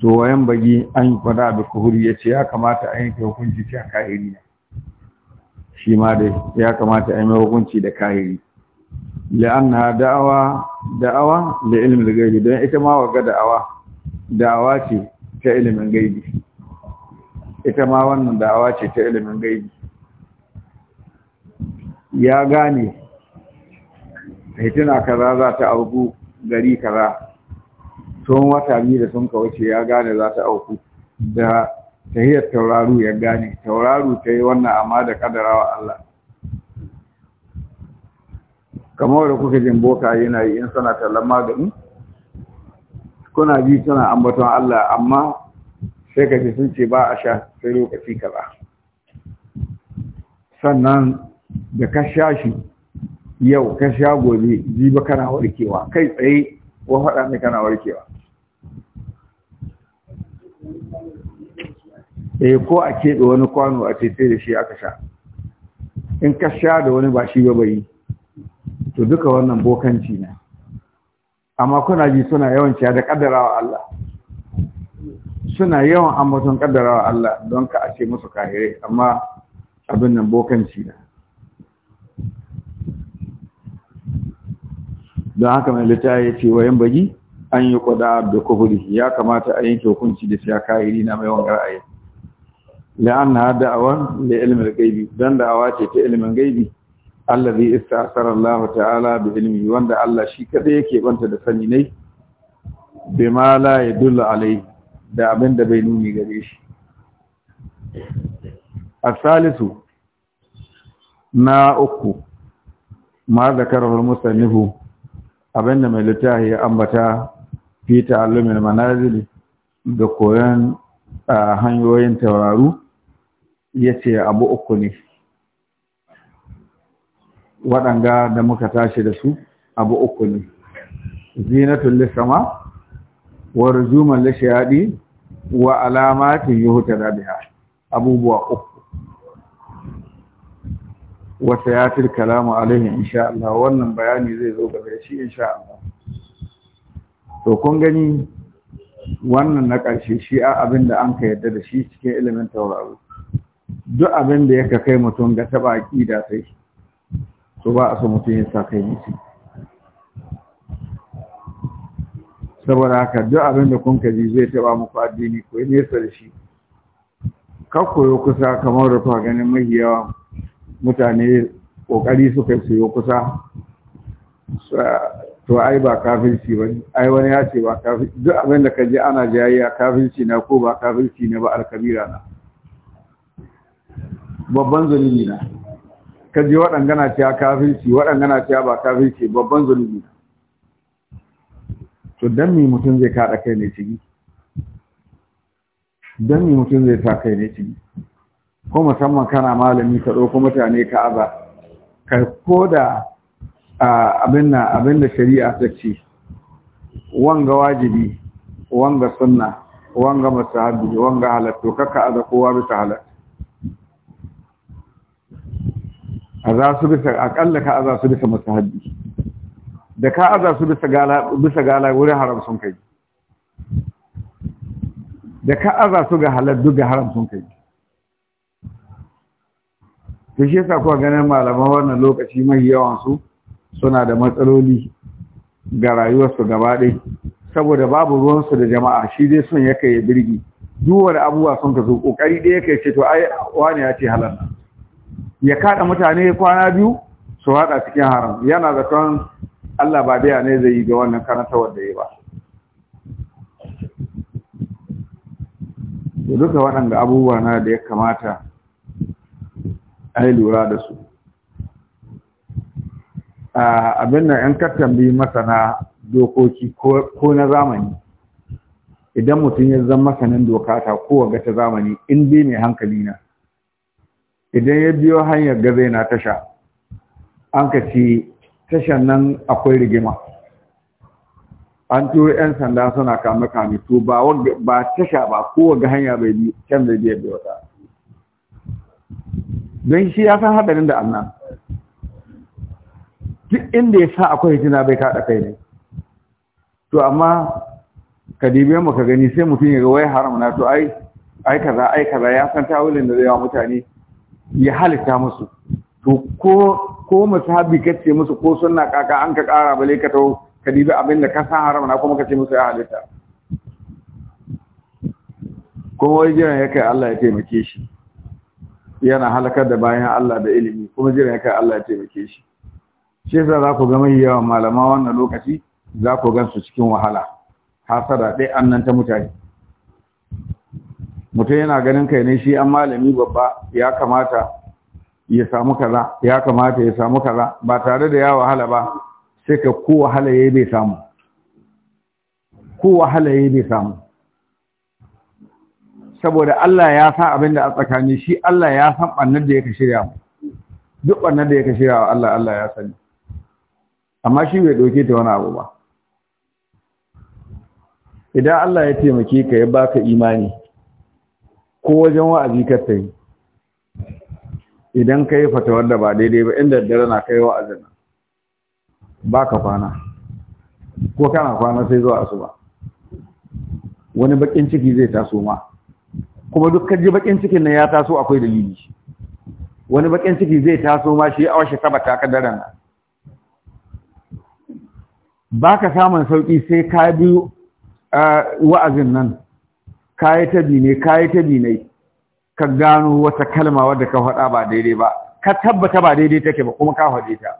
to wayan bagi an yi kwada abu kuhuri ya ce ya kamata a ta hukunci cewa kahiri na shi ma dai ya kamata a yi hukunci da kahiri la'anna da'awa da'awa da ilimin gaibi don ita ma waga da'awa da'awa ce ta ilimin gaibi ita ma wannan da'awa ce ta ilimin gaibi ya gane hitina kaza za ta auku gari kaza tun wata biyu da sun kawace ya gane za ta auku da ta hiyar tauraru ya gane tauraru ta yi wannan amma da kadarawa Allah kamar da kuka jin boka yana yi in sana tallan magani kuna ji suna ambaton Allah amma sai ka ce sun ce ba a sha sai lokaci ba sannan da ka sha shi yau ka sha gobe jiba kana warkewa kai tsaye ko faɗa mai kana warkewa eh ko a keɓe wani kwano a tete da shi aka sha in ka sha da wani ba shi ba bai to duka wannan bokanci na amma kuna ji suna yawan ciya da wa Allah suna yawan ambaton kaddarawa Allah don ka ashe musu kahire amma abin nan bokanci na don haka mai littafi ya ce wayan bagi an yi kwada da kuhuri ya kamata a yanke hukunci da siya kahiri na mai wangar ayi la'an na da'awa da ilimin gaibi don da awa ce ta ilimin gaibi Allah zai Asarar Allah ta'ala da ilimi wanda Allah shi kada yake banta da sani ne bima la dula alai da abin da bai nuni gare shi Salisu na uku ma zakarar musannifu abin da mai littafi ya ambata fi ta'allumin manazili da koyon hanyoyin tauraru ya ce abu uku ne waɗanga da muka tashi da su abu uku ne zinatun lissama wa rujuman yaɗi wa alamatin da biha abubuwa uku wata ya fi kalamu alaihi insha Allah wannan bayani zai zo gaba da shi insha Allah to kun gani wannan na ƙarshe shi a abin da an ka yarda da shi cikin ilimin tauraro duk abin da ya kai mutum ga taɓa da sai to ba a so mutum ya sa kai saboda haka duk abin da kun kaji zai taba muku addini ko ne nesa da shi ka koyo kusa kamar rufa ganin mai yawa mutane kokari suka siyo kusa to ai ba kafirci ba ai wani ya ce ba kafirci duk abin da kaji ana jayayya kafirci na ko ba kafirci na ba alkabira na babban zunubi na kaji na cewa kafirci na cewa ba kafirci babban zunubi na to dan mi mutum zai kaɗa kai ne ciki dan mi mutum zai sa kai ne ciki ko musamman kana malami ka ɗauko mutane ka aza ka koda da abin da shari'a ta ce wanga wajibi wanga sunna wanga masu musahabi wanga halatto ka aza kowa bisa halatta a za su bisa akalla ka a za su bisa masu musahabi da ka aza su bisa gala wurin haram sun kai da ka aza su ga halar duk ga haram sun kai ta shi yasa kuwa ganin malaman wannan lokaci mai yawan su suna da matsaloli ga rayuwarsu gaba ɗaya saboda babu ruwansu da jama'a shi dai sun ya kai birgi duwar abubuwa sun ka zo kokari ɗaya kai ce to ai wani ya ce halar ya kaɗa mutane kwana biyu su haɗa cikin haram yana zaton Allah ba biya ne zai yi ga wannan karantarwar da ya ba duka waɗanda abubuwa na da ya kamata a yi lura da su abin nan ‘yan kattambi masana dokoki ko na zamani idan mutum ya zama masanin doka ta ga ta zamani in dai mai hankali na idan ya biyo hanyar gaza na tasha an ka ce tashan nan akwai rigima an turo 'yan sanda suna kame kame to ba ba tasha ba kowa hanya bai bi can zai biya biya wata don shi ya san haɗarin da annan duk inda ya sa akwai hitina bai kaɗa kai ne to amma ka dibiyar maka gani sai mutum ya ga wai haram na to ai ai kaza ai kaza ya san tawilin da zai wa mutane ya halitta musu to ko ko musahabi kace musu ko sunna kaka an ka kara bale ka to ka dibi abin da ka san haram na kuma kace musu ya halitta kuma wai jiran ya kai Allah ya taimake shi yana halakar da bayan Allah da ilimi kuma jiran ya kai Allah ya taimake shi shi yasa za ku ga mai yawan malama wannan lokaci za ku gan su cikin wahala hasara dai annan ta mutane mutum yana ganin kai ne shi an malami babba ya kamata ya samu kaza ya kamata ya samu kaza ba tare da ya wahala ba sai ka ko wahala yayi bai samu ko wahala yayi bai samu saboda Allah ya san abin da a tsakani shi Allah ya san bannan da yake shirya mu duk bannan da yake shirya wa Allah Allah ya sani amma shi bai doke ta wani abu ba idan Allah ya taimake ka ya baka imani ko wajen wa'azi ka tayi idan ka yi fatawar da ba daidai ba inda dare na kai wa azina ba ka kwana ko kana kwana sai zuwa asuba wani bakin ciki zai taso ma kuma duk kaji bakin cikin nan ya taso akwai dalili wani bakin ciki zai taso ma shi awashi kaba ta kadaran nan ba ka samun sauki sai ka biyu ah, wa'azin nan kayi tabi ne yi tabi ne ka gano wata kalma wadda ka faɗa ba daidai ba ka tabbata ba daidai take ba kuma ka faɗe ta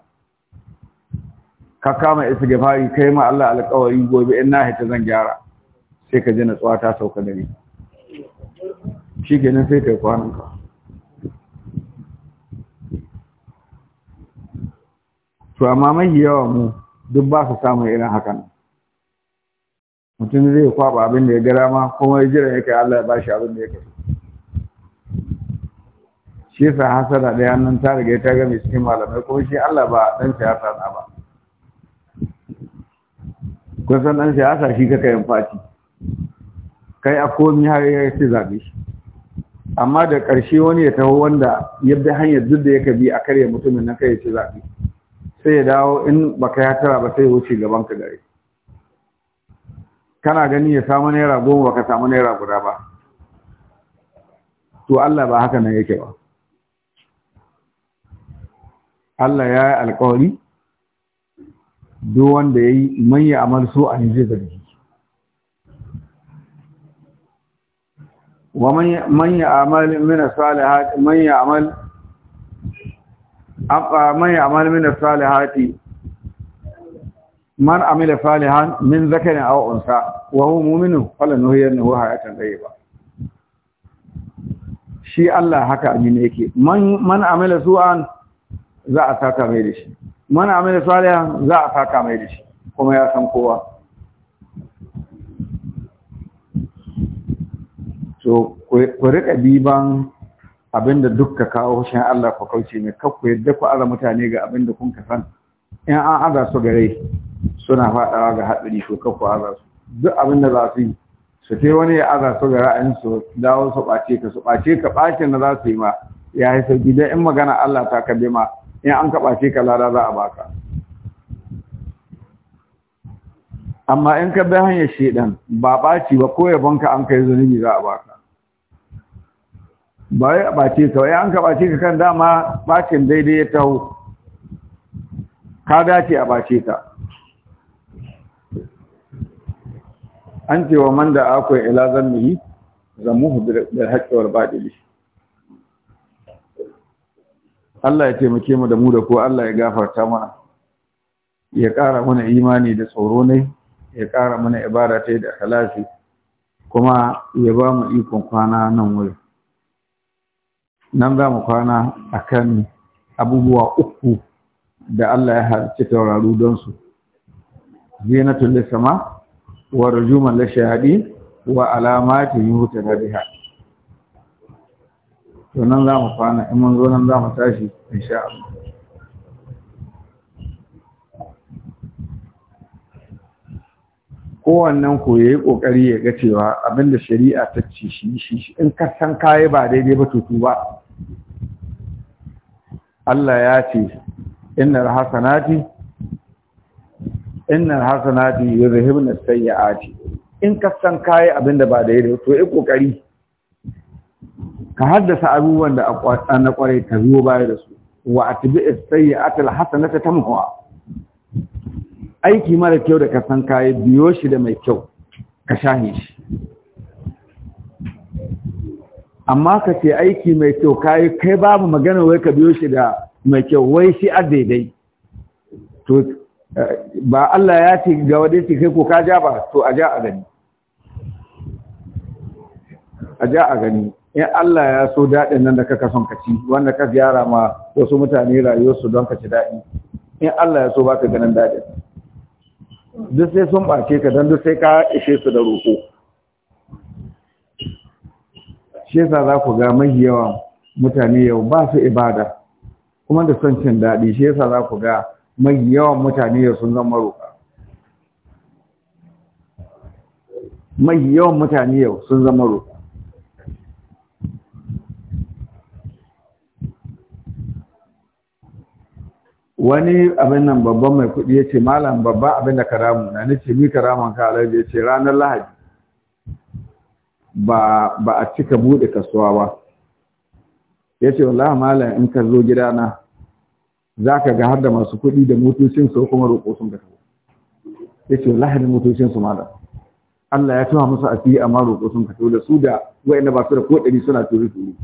ka kama istighfari kai ma Allah alƙawari gobe in na hita zan gyara sai ka ji tsawa ta sauka da ni shikenan sai ka yi kwananka to amma mai yawa mu duk ba su samu irin hakan mutum zai kwaba abin da ya gara ma kuma ya jira yake Allah ya bashi abin da ya yake shi yasa hasara ɗaya nan ta riga ta game cikin malamai kuma shi Allah ba dan siyasa na ba kun san dan siyasa shi kaka yin fati kai a komi har ya ci zaɓe shi amma da ƙarshe wani ya taho wanda yadda hanyar duk da yake bi a karya mutumin na kai ya ci zaɓe sai ya dawo in baka ya tara ba sai ya wuce gaban ka gare kana gani ya samu naira goma baka samu naira guda ba to Allah ba haka nan yake ba Allah ya yi alkawari duk wanda ya yi manya amal so a yanzu da shi wa manya amal mina salihati manya amal manya amal mina salihati man amila salihan min zakarin aw unsa wa huwa mu'minun falanuhyiyannahu hayatan tayyiba shi Allah haka amina yake man man amila su'an za a saka mai da shi mana amina saliya za a saka mai da shi kuma ya san kowa to ku rika abin abinda duk ka kawo shin Allah ku kauce mai kakku yadda ku ara mutane ga abinda kun ka san in an aza su gare suna faɗawa ga haɗari ko kakku aza su duk abinda za su yi su ke wani ya aza su ga su dawo su ɓace ka su ɓace ka ɓacin da za su yi ma ya yi sauki don in magana Allah ta kabe ma in an kaɓa shi ka lada za a baka amma in ka bi hanyar shedan ba ɓaci ba ko ka an kai zunubi za a baka ba ya ɓace ka wai an ka shi ka kan dama ɓacin daidai ya taho ka dace a ɓace ka an ce wa man da akwai ila zammihi zamuhu da haqqi wal batili Allah ya taimake mu da mu da ko Allah ya gafarta mana ya ƙara mana imani da tsoro ne ya ƙara mana ibada ta da halafi kuma ya ba mu ikon kwana nan wuri nan za mu kwana a kan abubuwa uku da Allah ya harci tauraru don su zinatun sama wa rujuman lashahadi wa alamatin yuhtada biha to nan za mu kwana in mun zo nan za mu tashi sha Allah kowannen ko ya yi ƙoƙari ya ga cewa abinda shari'a ta ce shi shi in ka san kayi ba daidai ba tutu ba Allah ya ce innal hasanati innal hasanati as sayyi'ati in ka san kayi abinda ba daidai to yi ƙoƙari ka haddasa abubuwan da na kwarai ka biyo baya da su wa atbi as-sayyi'ata na ta tamuwa aiki mara kyau da ka san kayi biyo shi da mai kyau ka shahi shi amma ka ce aiki mai kyau kayi kai babu magana wai ka biyo shi da mai kyau wai shi a daidai to eh, ba Allah ya ce ga wadai ce kai ko ka ja ba to a ja a gani a ja a gani in Allah ya so daɗin nan da kaka son ka ci wanda ka ziyara ma wasu mutane rayuwarsu don ka ci daɗi in Allah ya so ba ka ganin daɗin duk sai sun ɓace ka don duk sai ka ishe su da roƙo shi yasa za ku ga mai yawan mutane yau ba su ibada kuma da son cin daɗi shi yasa za ku ga mai yawa mutane yau sun zama roƙa mai yawan mutane yau sun zama roƙa wani abin nan babban mai kuɗi ya ce malam babban abin da karamu na nace mi karaman ka alhaji ya ce ranar lahadi ba a cika buɗe kasuwa ba ya ce wallahi malam in ka zo gidana za ka ga har da masu kuɗi da su kuma roƙo sun ga ya ce wallahi da su malam Allah ya tuma musu asiri amma roƙo sun ka da su da wa'anda ba su da ko ɗari suna turi turi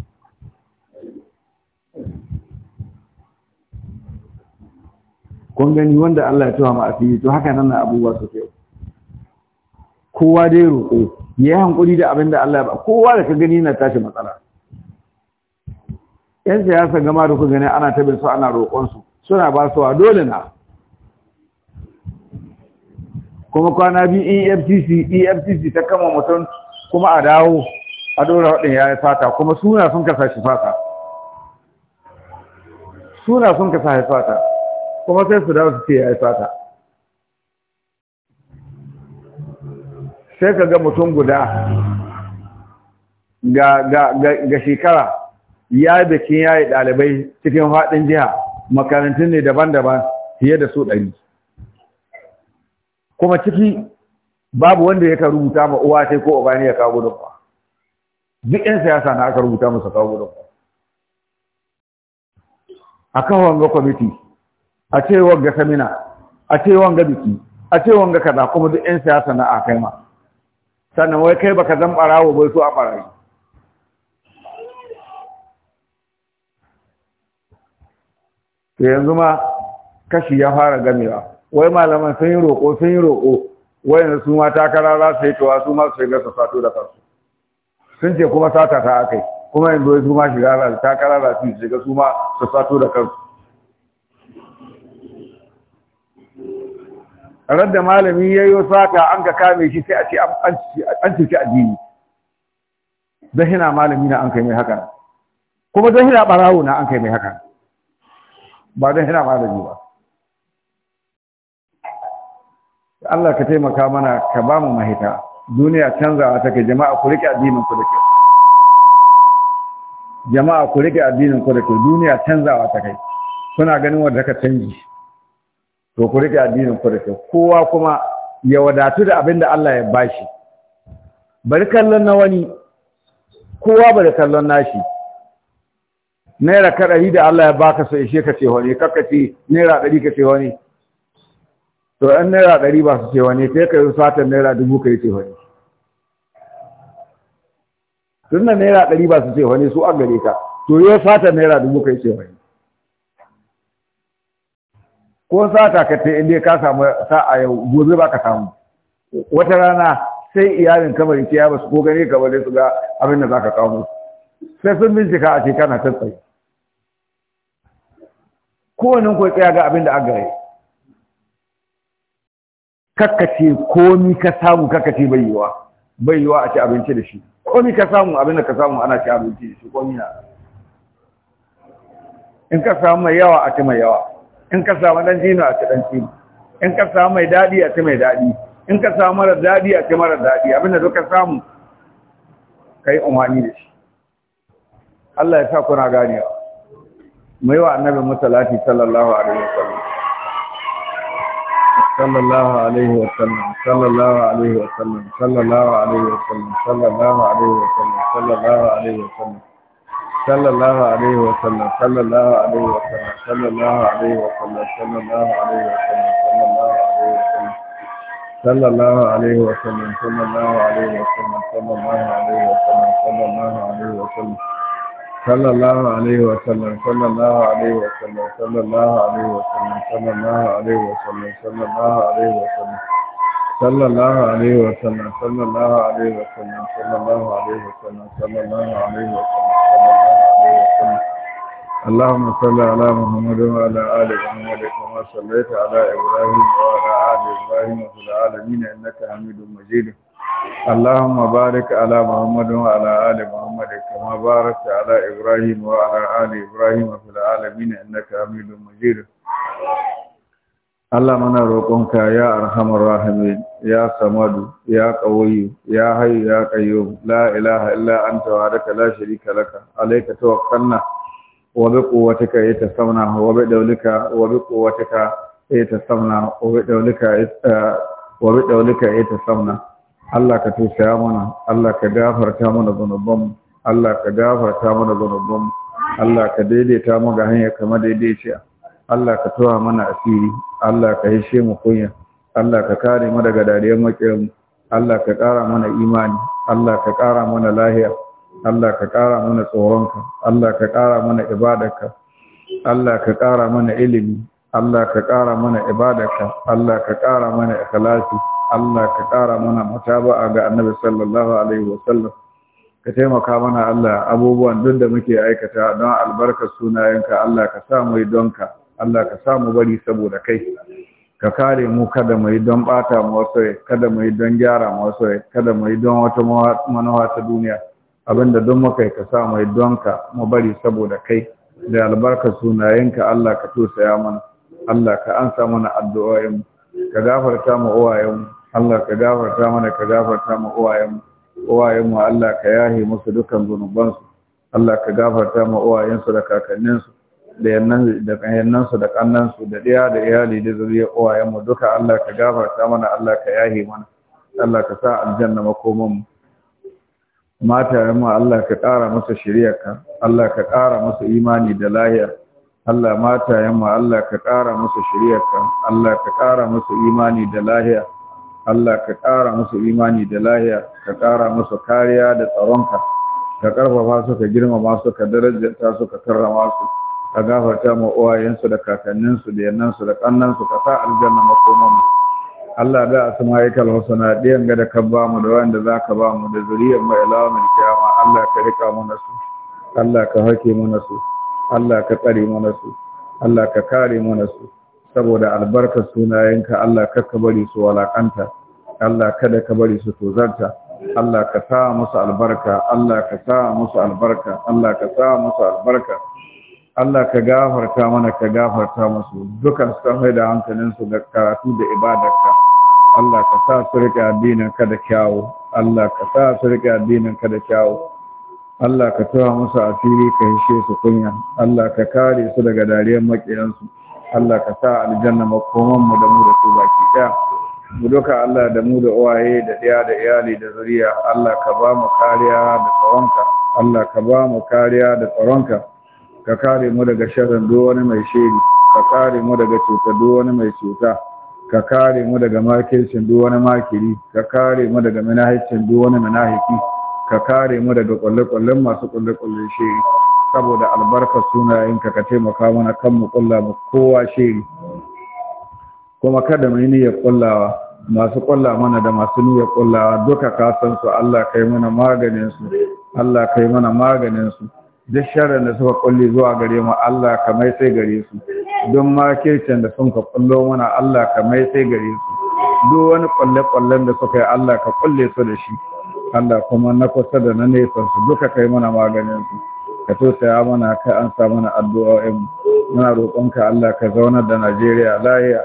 kun gani wanda Allah ya tuwa ma asiri to haka nan abubuwa su ke kowa dai roƙo ya yi hankuli da abin da Allah ya ba kowa da ka gani na tashi matsala yan siyasa gama da ku gani ana tabin su ana roƙon su suna ba su dole na kuma kwana bi EFCC EFCC ta kama mutum kuma a dawo a dora waɗin ya yi fata kuma suna sun kasa shi fata suna sun kasa shi fata kuma sai su dawo su ce ya yi sata sai ka ga mutum guda ga shekara ya yi bikin ya yi ɗalibai cikin faɗin jiha makarantun ne daban-daban fiye da su ɗari kuma ciki babu wanda ya ka rubuta ma uwa sai ko uba ne ya kawo gudun ba duk 'yan siyasa na aka rubuta musu kawo gudun ba a kan wanga kwamiti a ce wanga samina a ce wanga biki a ce wanga kaza kuma duk yan siyasa na a kai ma sannan wai kai baka zan barawo bai so a barayi to yanzu ma kashi ya fara gamewa wai malaman sun yi roƙo sun yi roƙo wai su ma takara za su yi towa su ma su shiga su sato da kansu sun ce kuma sata ta akai kuma yanzu wai su ma shiga takara za su shiga su ma su sato da kansu radda malami yayyo sata an ka kame shi sai a ce an cuci addini don hina malami na an kai mai haka kuma don hina barawo na an kai mai haka ba don hina malami ba Allah ka taimaka mana ka ba mu mahita duniya canzawa take jama'a ku rike addinin ku da jama'a ku rike addinin ku da kyau duniya canzawa take kuna ganin wanda ka canji to ku rike addinin ku rike kowa kuma ya wadatu da abin da Allah ya bashi bari kallon na wani kowa bari kallon nashi naira kadari da Allah ya baka so ishe ka ce wani kakka ce naira dari ka ce wani to ɗan naira dari ba su ce wani sai ka yi satan naira dubu ka yi ce wani tun da naira dari ba su ce wani su an gare ka to yi satan naira dubu ka yi ce wani ko sa ka ta inda ka samu sa'a yau gobe ba ka samu wata rana sai iyalin kamar ke ya basu ko gani ka bari su ga abin da za ka kawo sai sun bincika a shekara na tsaye kowane ko tsaya ga abin da aka gare kakkace komi ka samu kakkace bai yiwa bai yiwa a ci abinci da shi komi ka samu abin da ka samu ana ci abinci da shi komi na in ka samu mai yawa a ci mai yawa in ka samu dan jino a ci dan jino in ka samu mai dadi a ci mai dadi in ka samu mara dadi a ci mara dadi abinda duka samu kai umani da shi Allah ya sa kuna gani mai wa annabi musallati sallallahu alaihi wasallam sallallahu alaihi wasallam sallallahu alaihi wasallam sallallahu alaihi wasallam sallallahu alaihi wasallam sallallahu alaihi wasallam sallallahu alaihi wa sallam sallallahu alaihi wa sallam sallallahu alaihi wa sallam sallallahu alaihi wa sallam sallallahu alaihi wa sallam sallallahu alaihi wa sallam sallallahu alaihi wa sallam sallallahu alaihi wa sallam sallallahu alaihi wa sallam صلى الله عليه وسلم صلى الله عليه وسلم صلى الله عليه وسلم صلى الله عليه وسلم صلى الله عليه وسلم صلى الله عليه وسلم صلى الله عليه وسلم صلى الله عليه وسلم صلى الله عليه وسلم صلى الله عليه وسلم اللهم صل على محمد وعلى ال محمد كما صليت على ابراهيم وعلى ال ابراهيم في العالمين انك حميد مجيد اللهم بارك على محمد وعلى ال محمد كما باركت على ابراهيم وعلى ال ابراهيم في العالمين انك حميد مجيد Allah muna roƙonka ya arhamar rahimin ya samadu ya ƙawayu ya hayu ya qayyum la ilaha illa anta wahdaka la sharika laka alayka tawakkalna wa bi quwwatika yatasamna wa bi dawlika wa bi quwwatika yatasamna wa bi dawlika wa bi dawlika yatasamna Allah ka tusaya mana Allah ka gafarta mana zanubanmu Allah ka gafarta mana zanubanmu Allah ka daidaita mu ga hanya kamar daidaiciya Allah ka tawa mana asiri Allah ka haishe mu kunya Allah ka kare mu daga dariyar makirin Allah ka ƙara mana imani Allah ka ƙara mana lahiya Allah ka ƙara mana tsoronka Allah ka ƙara mana ibadarka Allah ka ƙara mana ilimi Allah ka ƙara mana ibadarka Allah ka ƙara mana ikhlasi Allah ka ƙara mana mutaba'a ga Annabi sallallahu alaihi wa sallam. ka taimaka mana Allah abubuwan duk da muke aikata don albarkar sunayenka Allah ka sa mu yi donka. Allah ka samu bari saboda kai ka kare mu kada mu yi don bata mu wasu rai kada mu yi don gyara mu wasu rai kada mu yi don wata manowa ta duniya abinda don muka ka sa mu yi don ka mu bari saboda kai da albarka sunayenka Allah ka tosaya mana Allah ka ansa mana addu'o'in ka gafarta mu uwayen Allah ka gafarta mana ka gafarta mu uwayen uwayen mu Allah ka yahi musu dukan zunubansu Allah ka gafarta mu uwayen su da kakanninsu da yannan da kannan su da kannan su da ɗaya da iyali da zuriya uwayen mu duka Allah ka gafarta mana Allah ka yahi mana Allah ka sa aljanna makoman mu mata mu Allah ka ƙara musu shiriyarka Allah ka ƙara musu imani da lahiya Allah mata mu Allah ka ƙara musu shiriyarka Allah ka ƙara musu imani da lahiya Allah ka ƙara musu imani da lahiya ka ƙara musu kariya da tsaronka ka ƙarfafa su ka girmama su ka darajanta su ka karrama su a gafarta ma uwayensu da kakanninsu da yannansu da kannansu ka sa aljanna mu. Allah da asma'ikal husna diyan ga da ba bamu da wanda zaka bamu da zuriyar mu ila min kiyama Allah ka rika mu nasu Allah ka hake mu nasu Allah ka tsare mu nasu Allah ka kare mu nasu saboda albarkar sunayenka Allah ka ka bari su walakanta Allah kada ka bari su tozarta Allah ka sa musu albarka Allah ka sa musu albarka Allah ka sa musu albarka Allah ka gafarta mana ka gafarta musu dukan su mai da hankalinsu da karatu da ibadarka Allah ka sa su rike addinin ka da kyawu Allah ka sa su rike addinin ka da kyawu Allah ka tura musu asiri ka hishe su kunya Allah ka kare su daga dariyar makiyansu Allah ka sa aljanna makoman mu da mu da su baki daya mu duka Allah da mu da uwaye da ɗaya da iyali da zuriya Allah ka ba mu kariya da tsaronka Allah ka ba mu kariya da tsaronka ka kare mu daga sharrin duk wani mai shiri ka kare mu daga cuta duk wani mai cuta ka kare mu daga makircin duk wani makiri ka kare mu daga manahicin duk wani manahiki ka kare mu daga kwalle-kwallen masu kwalle-kwallen shiri saboda albarkar sunayenka ka taimaka mana kan mu kulla mu kowa shiri kuma kada mu yi niyyar kullawa masu kulla mana da masu niyyar kullawa duka ka san su Allah kai mana maganin su Allah kai mana maganin su duk sharar da suka kulle zuwa gare mu Allah ka mai sai gare su don makircin da sun ka kullo mana Allah ka mai sai gare su duk wani kwalle-kwallen da suka yi Allah ka kulle su da shi Allah kuma na kusa da na nesa su duka kai mana maganin su ka tosaya mana ka an sa mana addu'o'in muna roƙonka Allah ka zauna da Najeriya lahiya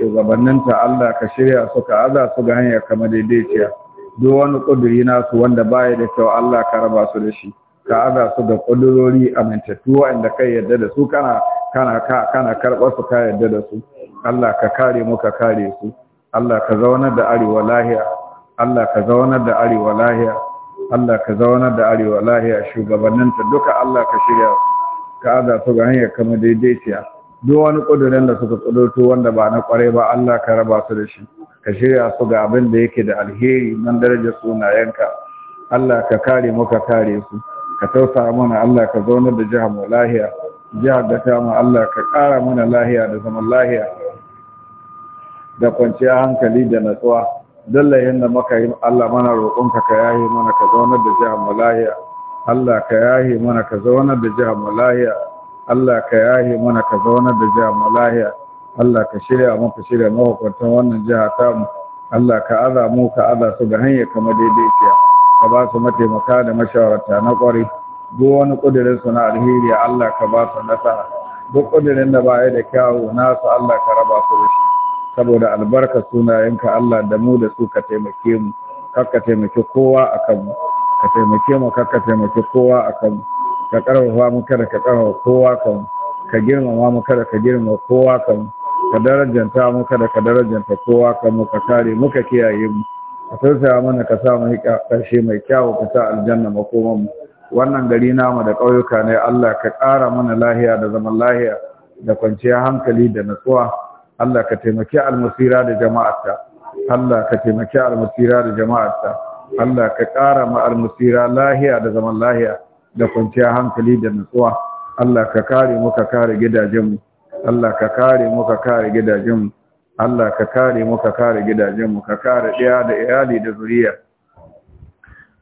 shugabanninta Allah ka shirya su ka aza su ga hanya kamar daidaiciya duk wani ƙuduri nasu wanda baya da kyau Allah ka raba su da shi ka aza su ga kudurori amintattu wanda kai yadda da su kana kana kana karɓar su ka yadda da su Allah ka kare mu ka kare su Allah ka zaunar da arewa lahiya Allah ka zaunar da arewa lahiya Allah ka zaunar da arewa lahiya shugabanninta duka Allah ka shirya su ka aza su ga hanyar kama daidaiciya duk wani kudurin da suka kudurto wanda ba na kwarai ba Allah ka raba su da shi ka shirya su ga abin da yake da alheri nan darajar sunayenka Allah ka kare mu ka kare su ka tausaya mana Allah ka zaunar da jihar mu lahiya jihar da ta mu Allah ka ƙara mana lahiya da zaman lahiya da kwanciya hankali da natsuwa dallayen da maka yi Allah mana roƙonka ka yahi mana ka zaunar da jihar lahiya. Allah ka yahi mana ka zaunar da jihar lahiya. Allah ka yahi mana ka zaunar da jihar lahiya. Allah ka shirya maka shirya mahukuntan wannan jiha tamu Allah ka aza mu ka aza su ga hanyar kama daidaiciya ka ba su mataimaka da mashawarta na ƙwarai duk wani ƙudurin su na alheri Allah ka ba su nasara duk ƙudurin da baya da kyawu nasu Allah ka raba su da shi saboda albarka sunayenka Allah da mu da su ka taimake mu ka taimake kowa a mu, ka taimake mu ka taimake kowa a mu. ka karfafa mu kada ka karfafa kowa mu. ka girmama mu kada ka girmama kowa mu. ka darajanta mu kada ka darajanta kowa kan mu, ka kare mu ka kiyaye mu ka tausaya mana ka sa mai ƙarshe mai kyawu ka sa aljanna makomanmu mu wannan gari namu da ƙauyuka ne Allah ka ƙara mana lahiya da zaman lahiya da kwanciyar hankali da natsuwa Allah ka taimaki almasira da jama'arta Allah ka taimaki almasira da jama'arta Allah ka ƙara ma almasira lahiya da zaman lahiya da kwanciyar hankali da natsuwa Allah ka kare mu ka kare gidajenmu Allah ka kare mu ka kare gidajenmu Allah ka kare mu ka kare gidajenmu ka kare ɗaya da iyali da zuriya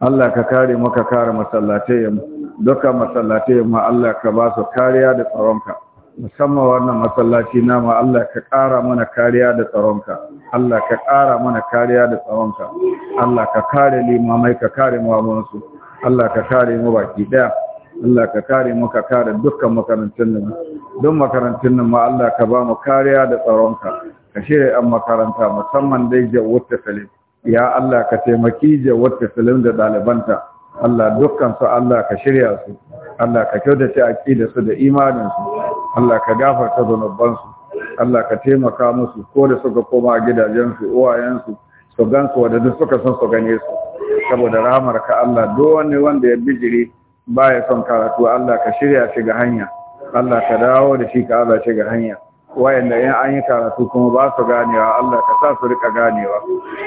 Allah ka kare mu ka kare masallatayenmu dukkan masallatayenmu Allah ka ba su kariya da tsaronka musamman wannan masallaci nama Allah ka ƙara mana kariya da tsaronka Allah ka ƙara mana kariya da tsaronka Allah ka kare limamai ka kare mamansu Allah ka kare mu baki ɗaya Allah ka kare mu ka kare dukkan makarantun nan duk makarantun nan ma Allah ka ba mu kariya da tsaronka ka shirya yan makaranta musamman dai jawar salim ya Allah ka taimaki jawar salim da ɗalibanta Allah dukkan su Allah ka shirya su Allah ka kyautace aqida su da imaninsu. Allah ka gafarta zunubbansu. Allah ka taimaka musu ko da suka koma a gidajensu, uwayensu, su gansu gan duk suka san su gane su saboda rahmar ka Allah duk wani wanda ya bijiri baya son karatu Allah ka shirya shi ga hanya Allah ka dawo da shi ka Allah shi ga hanya wayanda in an yi karatu kuma ba su ganewa Allah ka sa su rika ganewa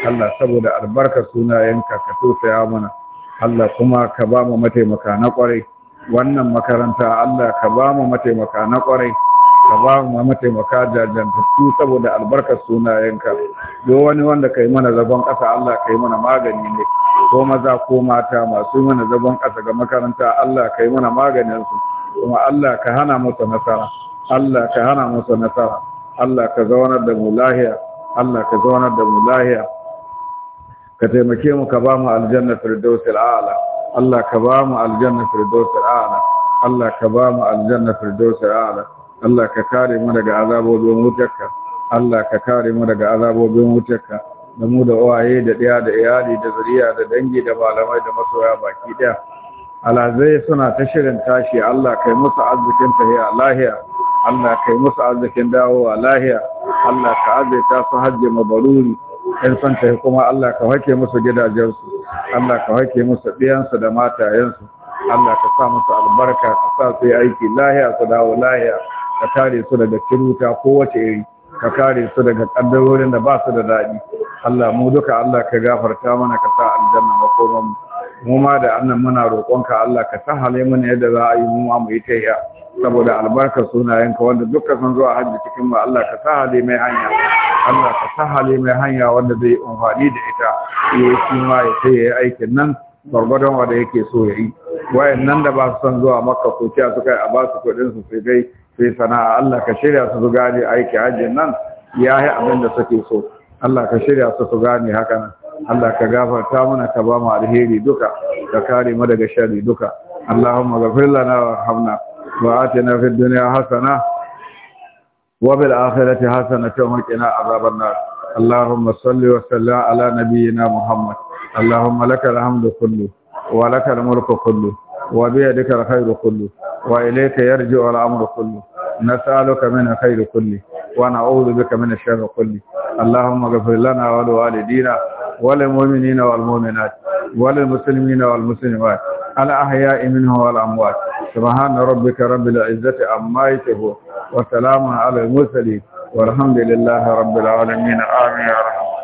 Allah saboda albarkar sunayenka ka tausaya mana Allah kuma ka ba mu mataimaka na kwarai wannan makaranta Allah ka ba mu mataimaka na kwarai ka ba mu mataimaka jajantattu saboda albarkar sunayenka Do wani wanda kai mana zagon ƙasa Allah kai mana magani ne ko maza ko mata masu mana zagon ƙasa ga makaranta Allah kai mana maganin su kuma Allah ka hana musu nasara Allah ka hana musu nasara Allah ka zaunar da mu lahiya Allah ka zaunar da mu lahiya ka taimake mu ka ba mu aljanna firdausil a'la Allah ka ba mu aljanna firdausil a'la Allah ka ba mu aljanna firdausil a'la Allah ka kare mu daga azabobin wutarka Allah ka kare mu daga azabobin wutarka da mu da uwaye da ɗaya da iyali da zuriya da dangi da malamai da masoya baki ɗaya zai suna ta shirin tashi Allah kai musu arzikin tahiya lahiya Allah kai musu arzikin dawowa lahiya Allah ka azaita su hajji mabaruri in son ta kuma Allah ka hake musu gidajensu Allah ka hake musu ɗiyansu da matayensu Allah ka sa musu albarka ka sa su yi aiki lahiya su dawo lahiya ka kare su daga kiruta kowace iri ka kare su daga kaddarorin da ba su da daɗi Allah mu duka Allah ka gafarta mana ka sa aljanna makoman mu mu ma da annan muna roƙonka Allah ka sahale mana yadda za a yi mu ma mu yi tayya saboda albarkar sunayenka wanda dukka sun zuwa hajji cikin mu Allah ka hali mai hanya Allah ka hali mai hanya wanda zai umfani da ita yayi shi ma ya sai yayi aikin nan gwargwadon wanda yake so ya yayi nan da ba su son zuwa makka ko kiya suka a ba su kuɗin su sai dai sai sana'a Allah ka shirya su su gane aiki hajji nan ya yi abin da suke so Allah ka shirya su su gane haka nan Allah ka gafarta mana ka ba mu alheri duka ka kare mu daga shari duka Allahumma ghafir lana warhamna وآتنا في الدنيا حسنة وفي الآخرة حسنة وقنا عذاب النار اللهم صل وسلم على نبينا محمد اللهم لك الحمد كله ولك الملك كله وبيدك الخير كله وإليك يرجع الأمر كله نسألك من الخير كله ونعوذ بك من الشر كله اللهم اغفر لنا ولوالدينا وللمؤمنين والمؤمنات وللمسلمين والمسلمات الأحياء منه والأموات سبحان ربك رب العزة عما يتبه وسلام على المرسلين والحمد لله رب العالمين آمين يا رحمة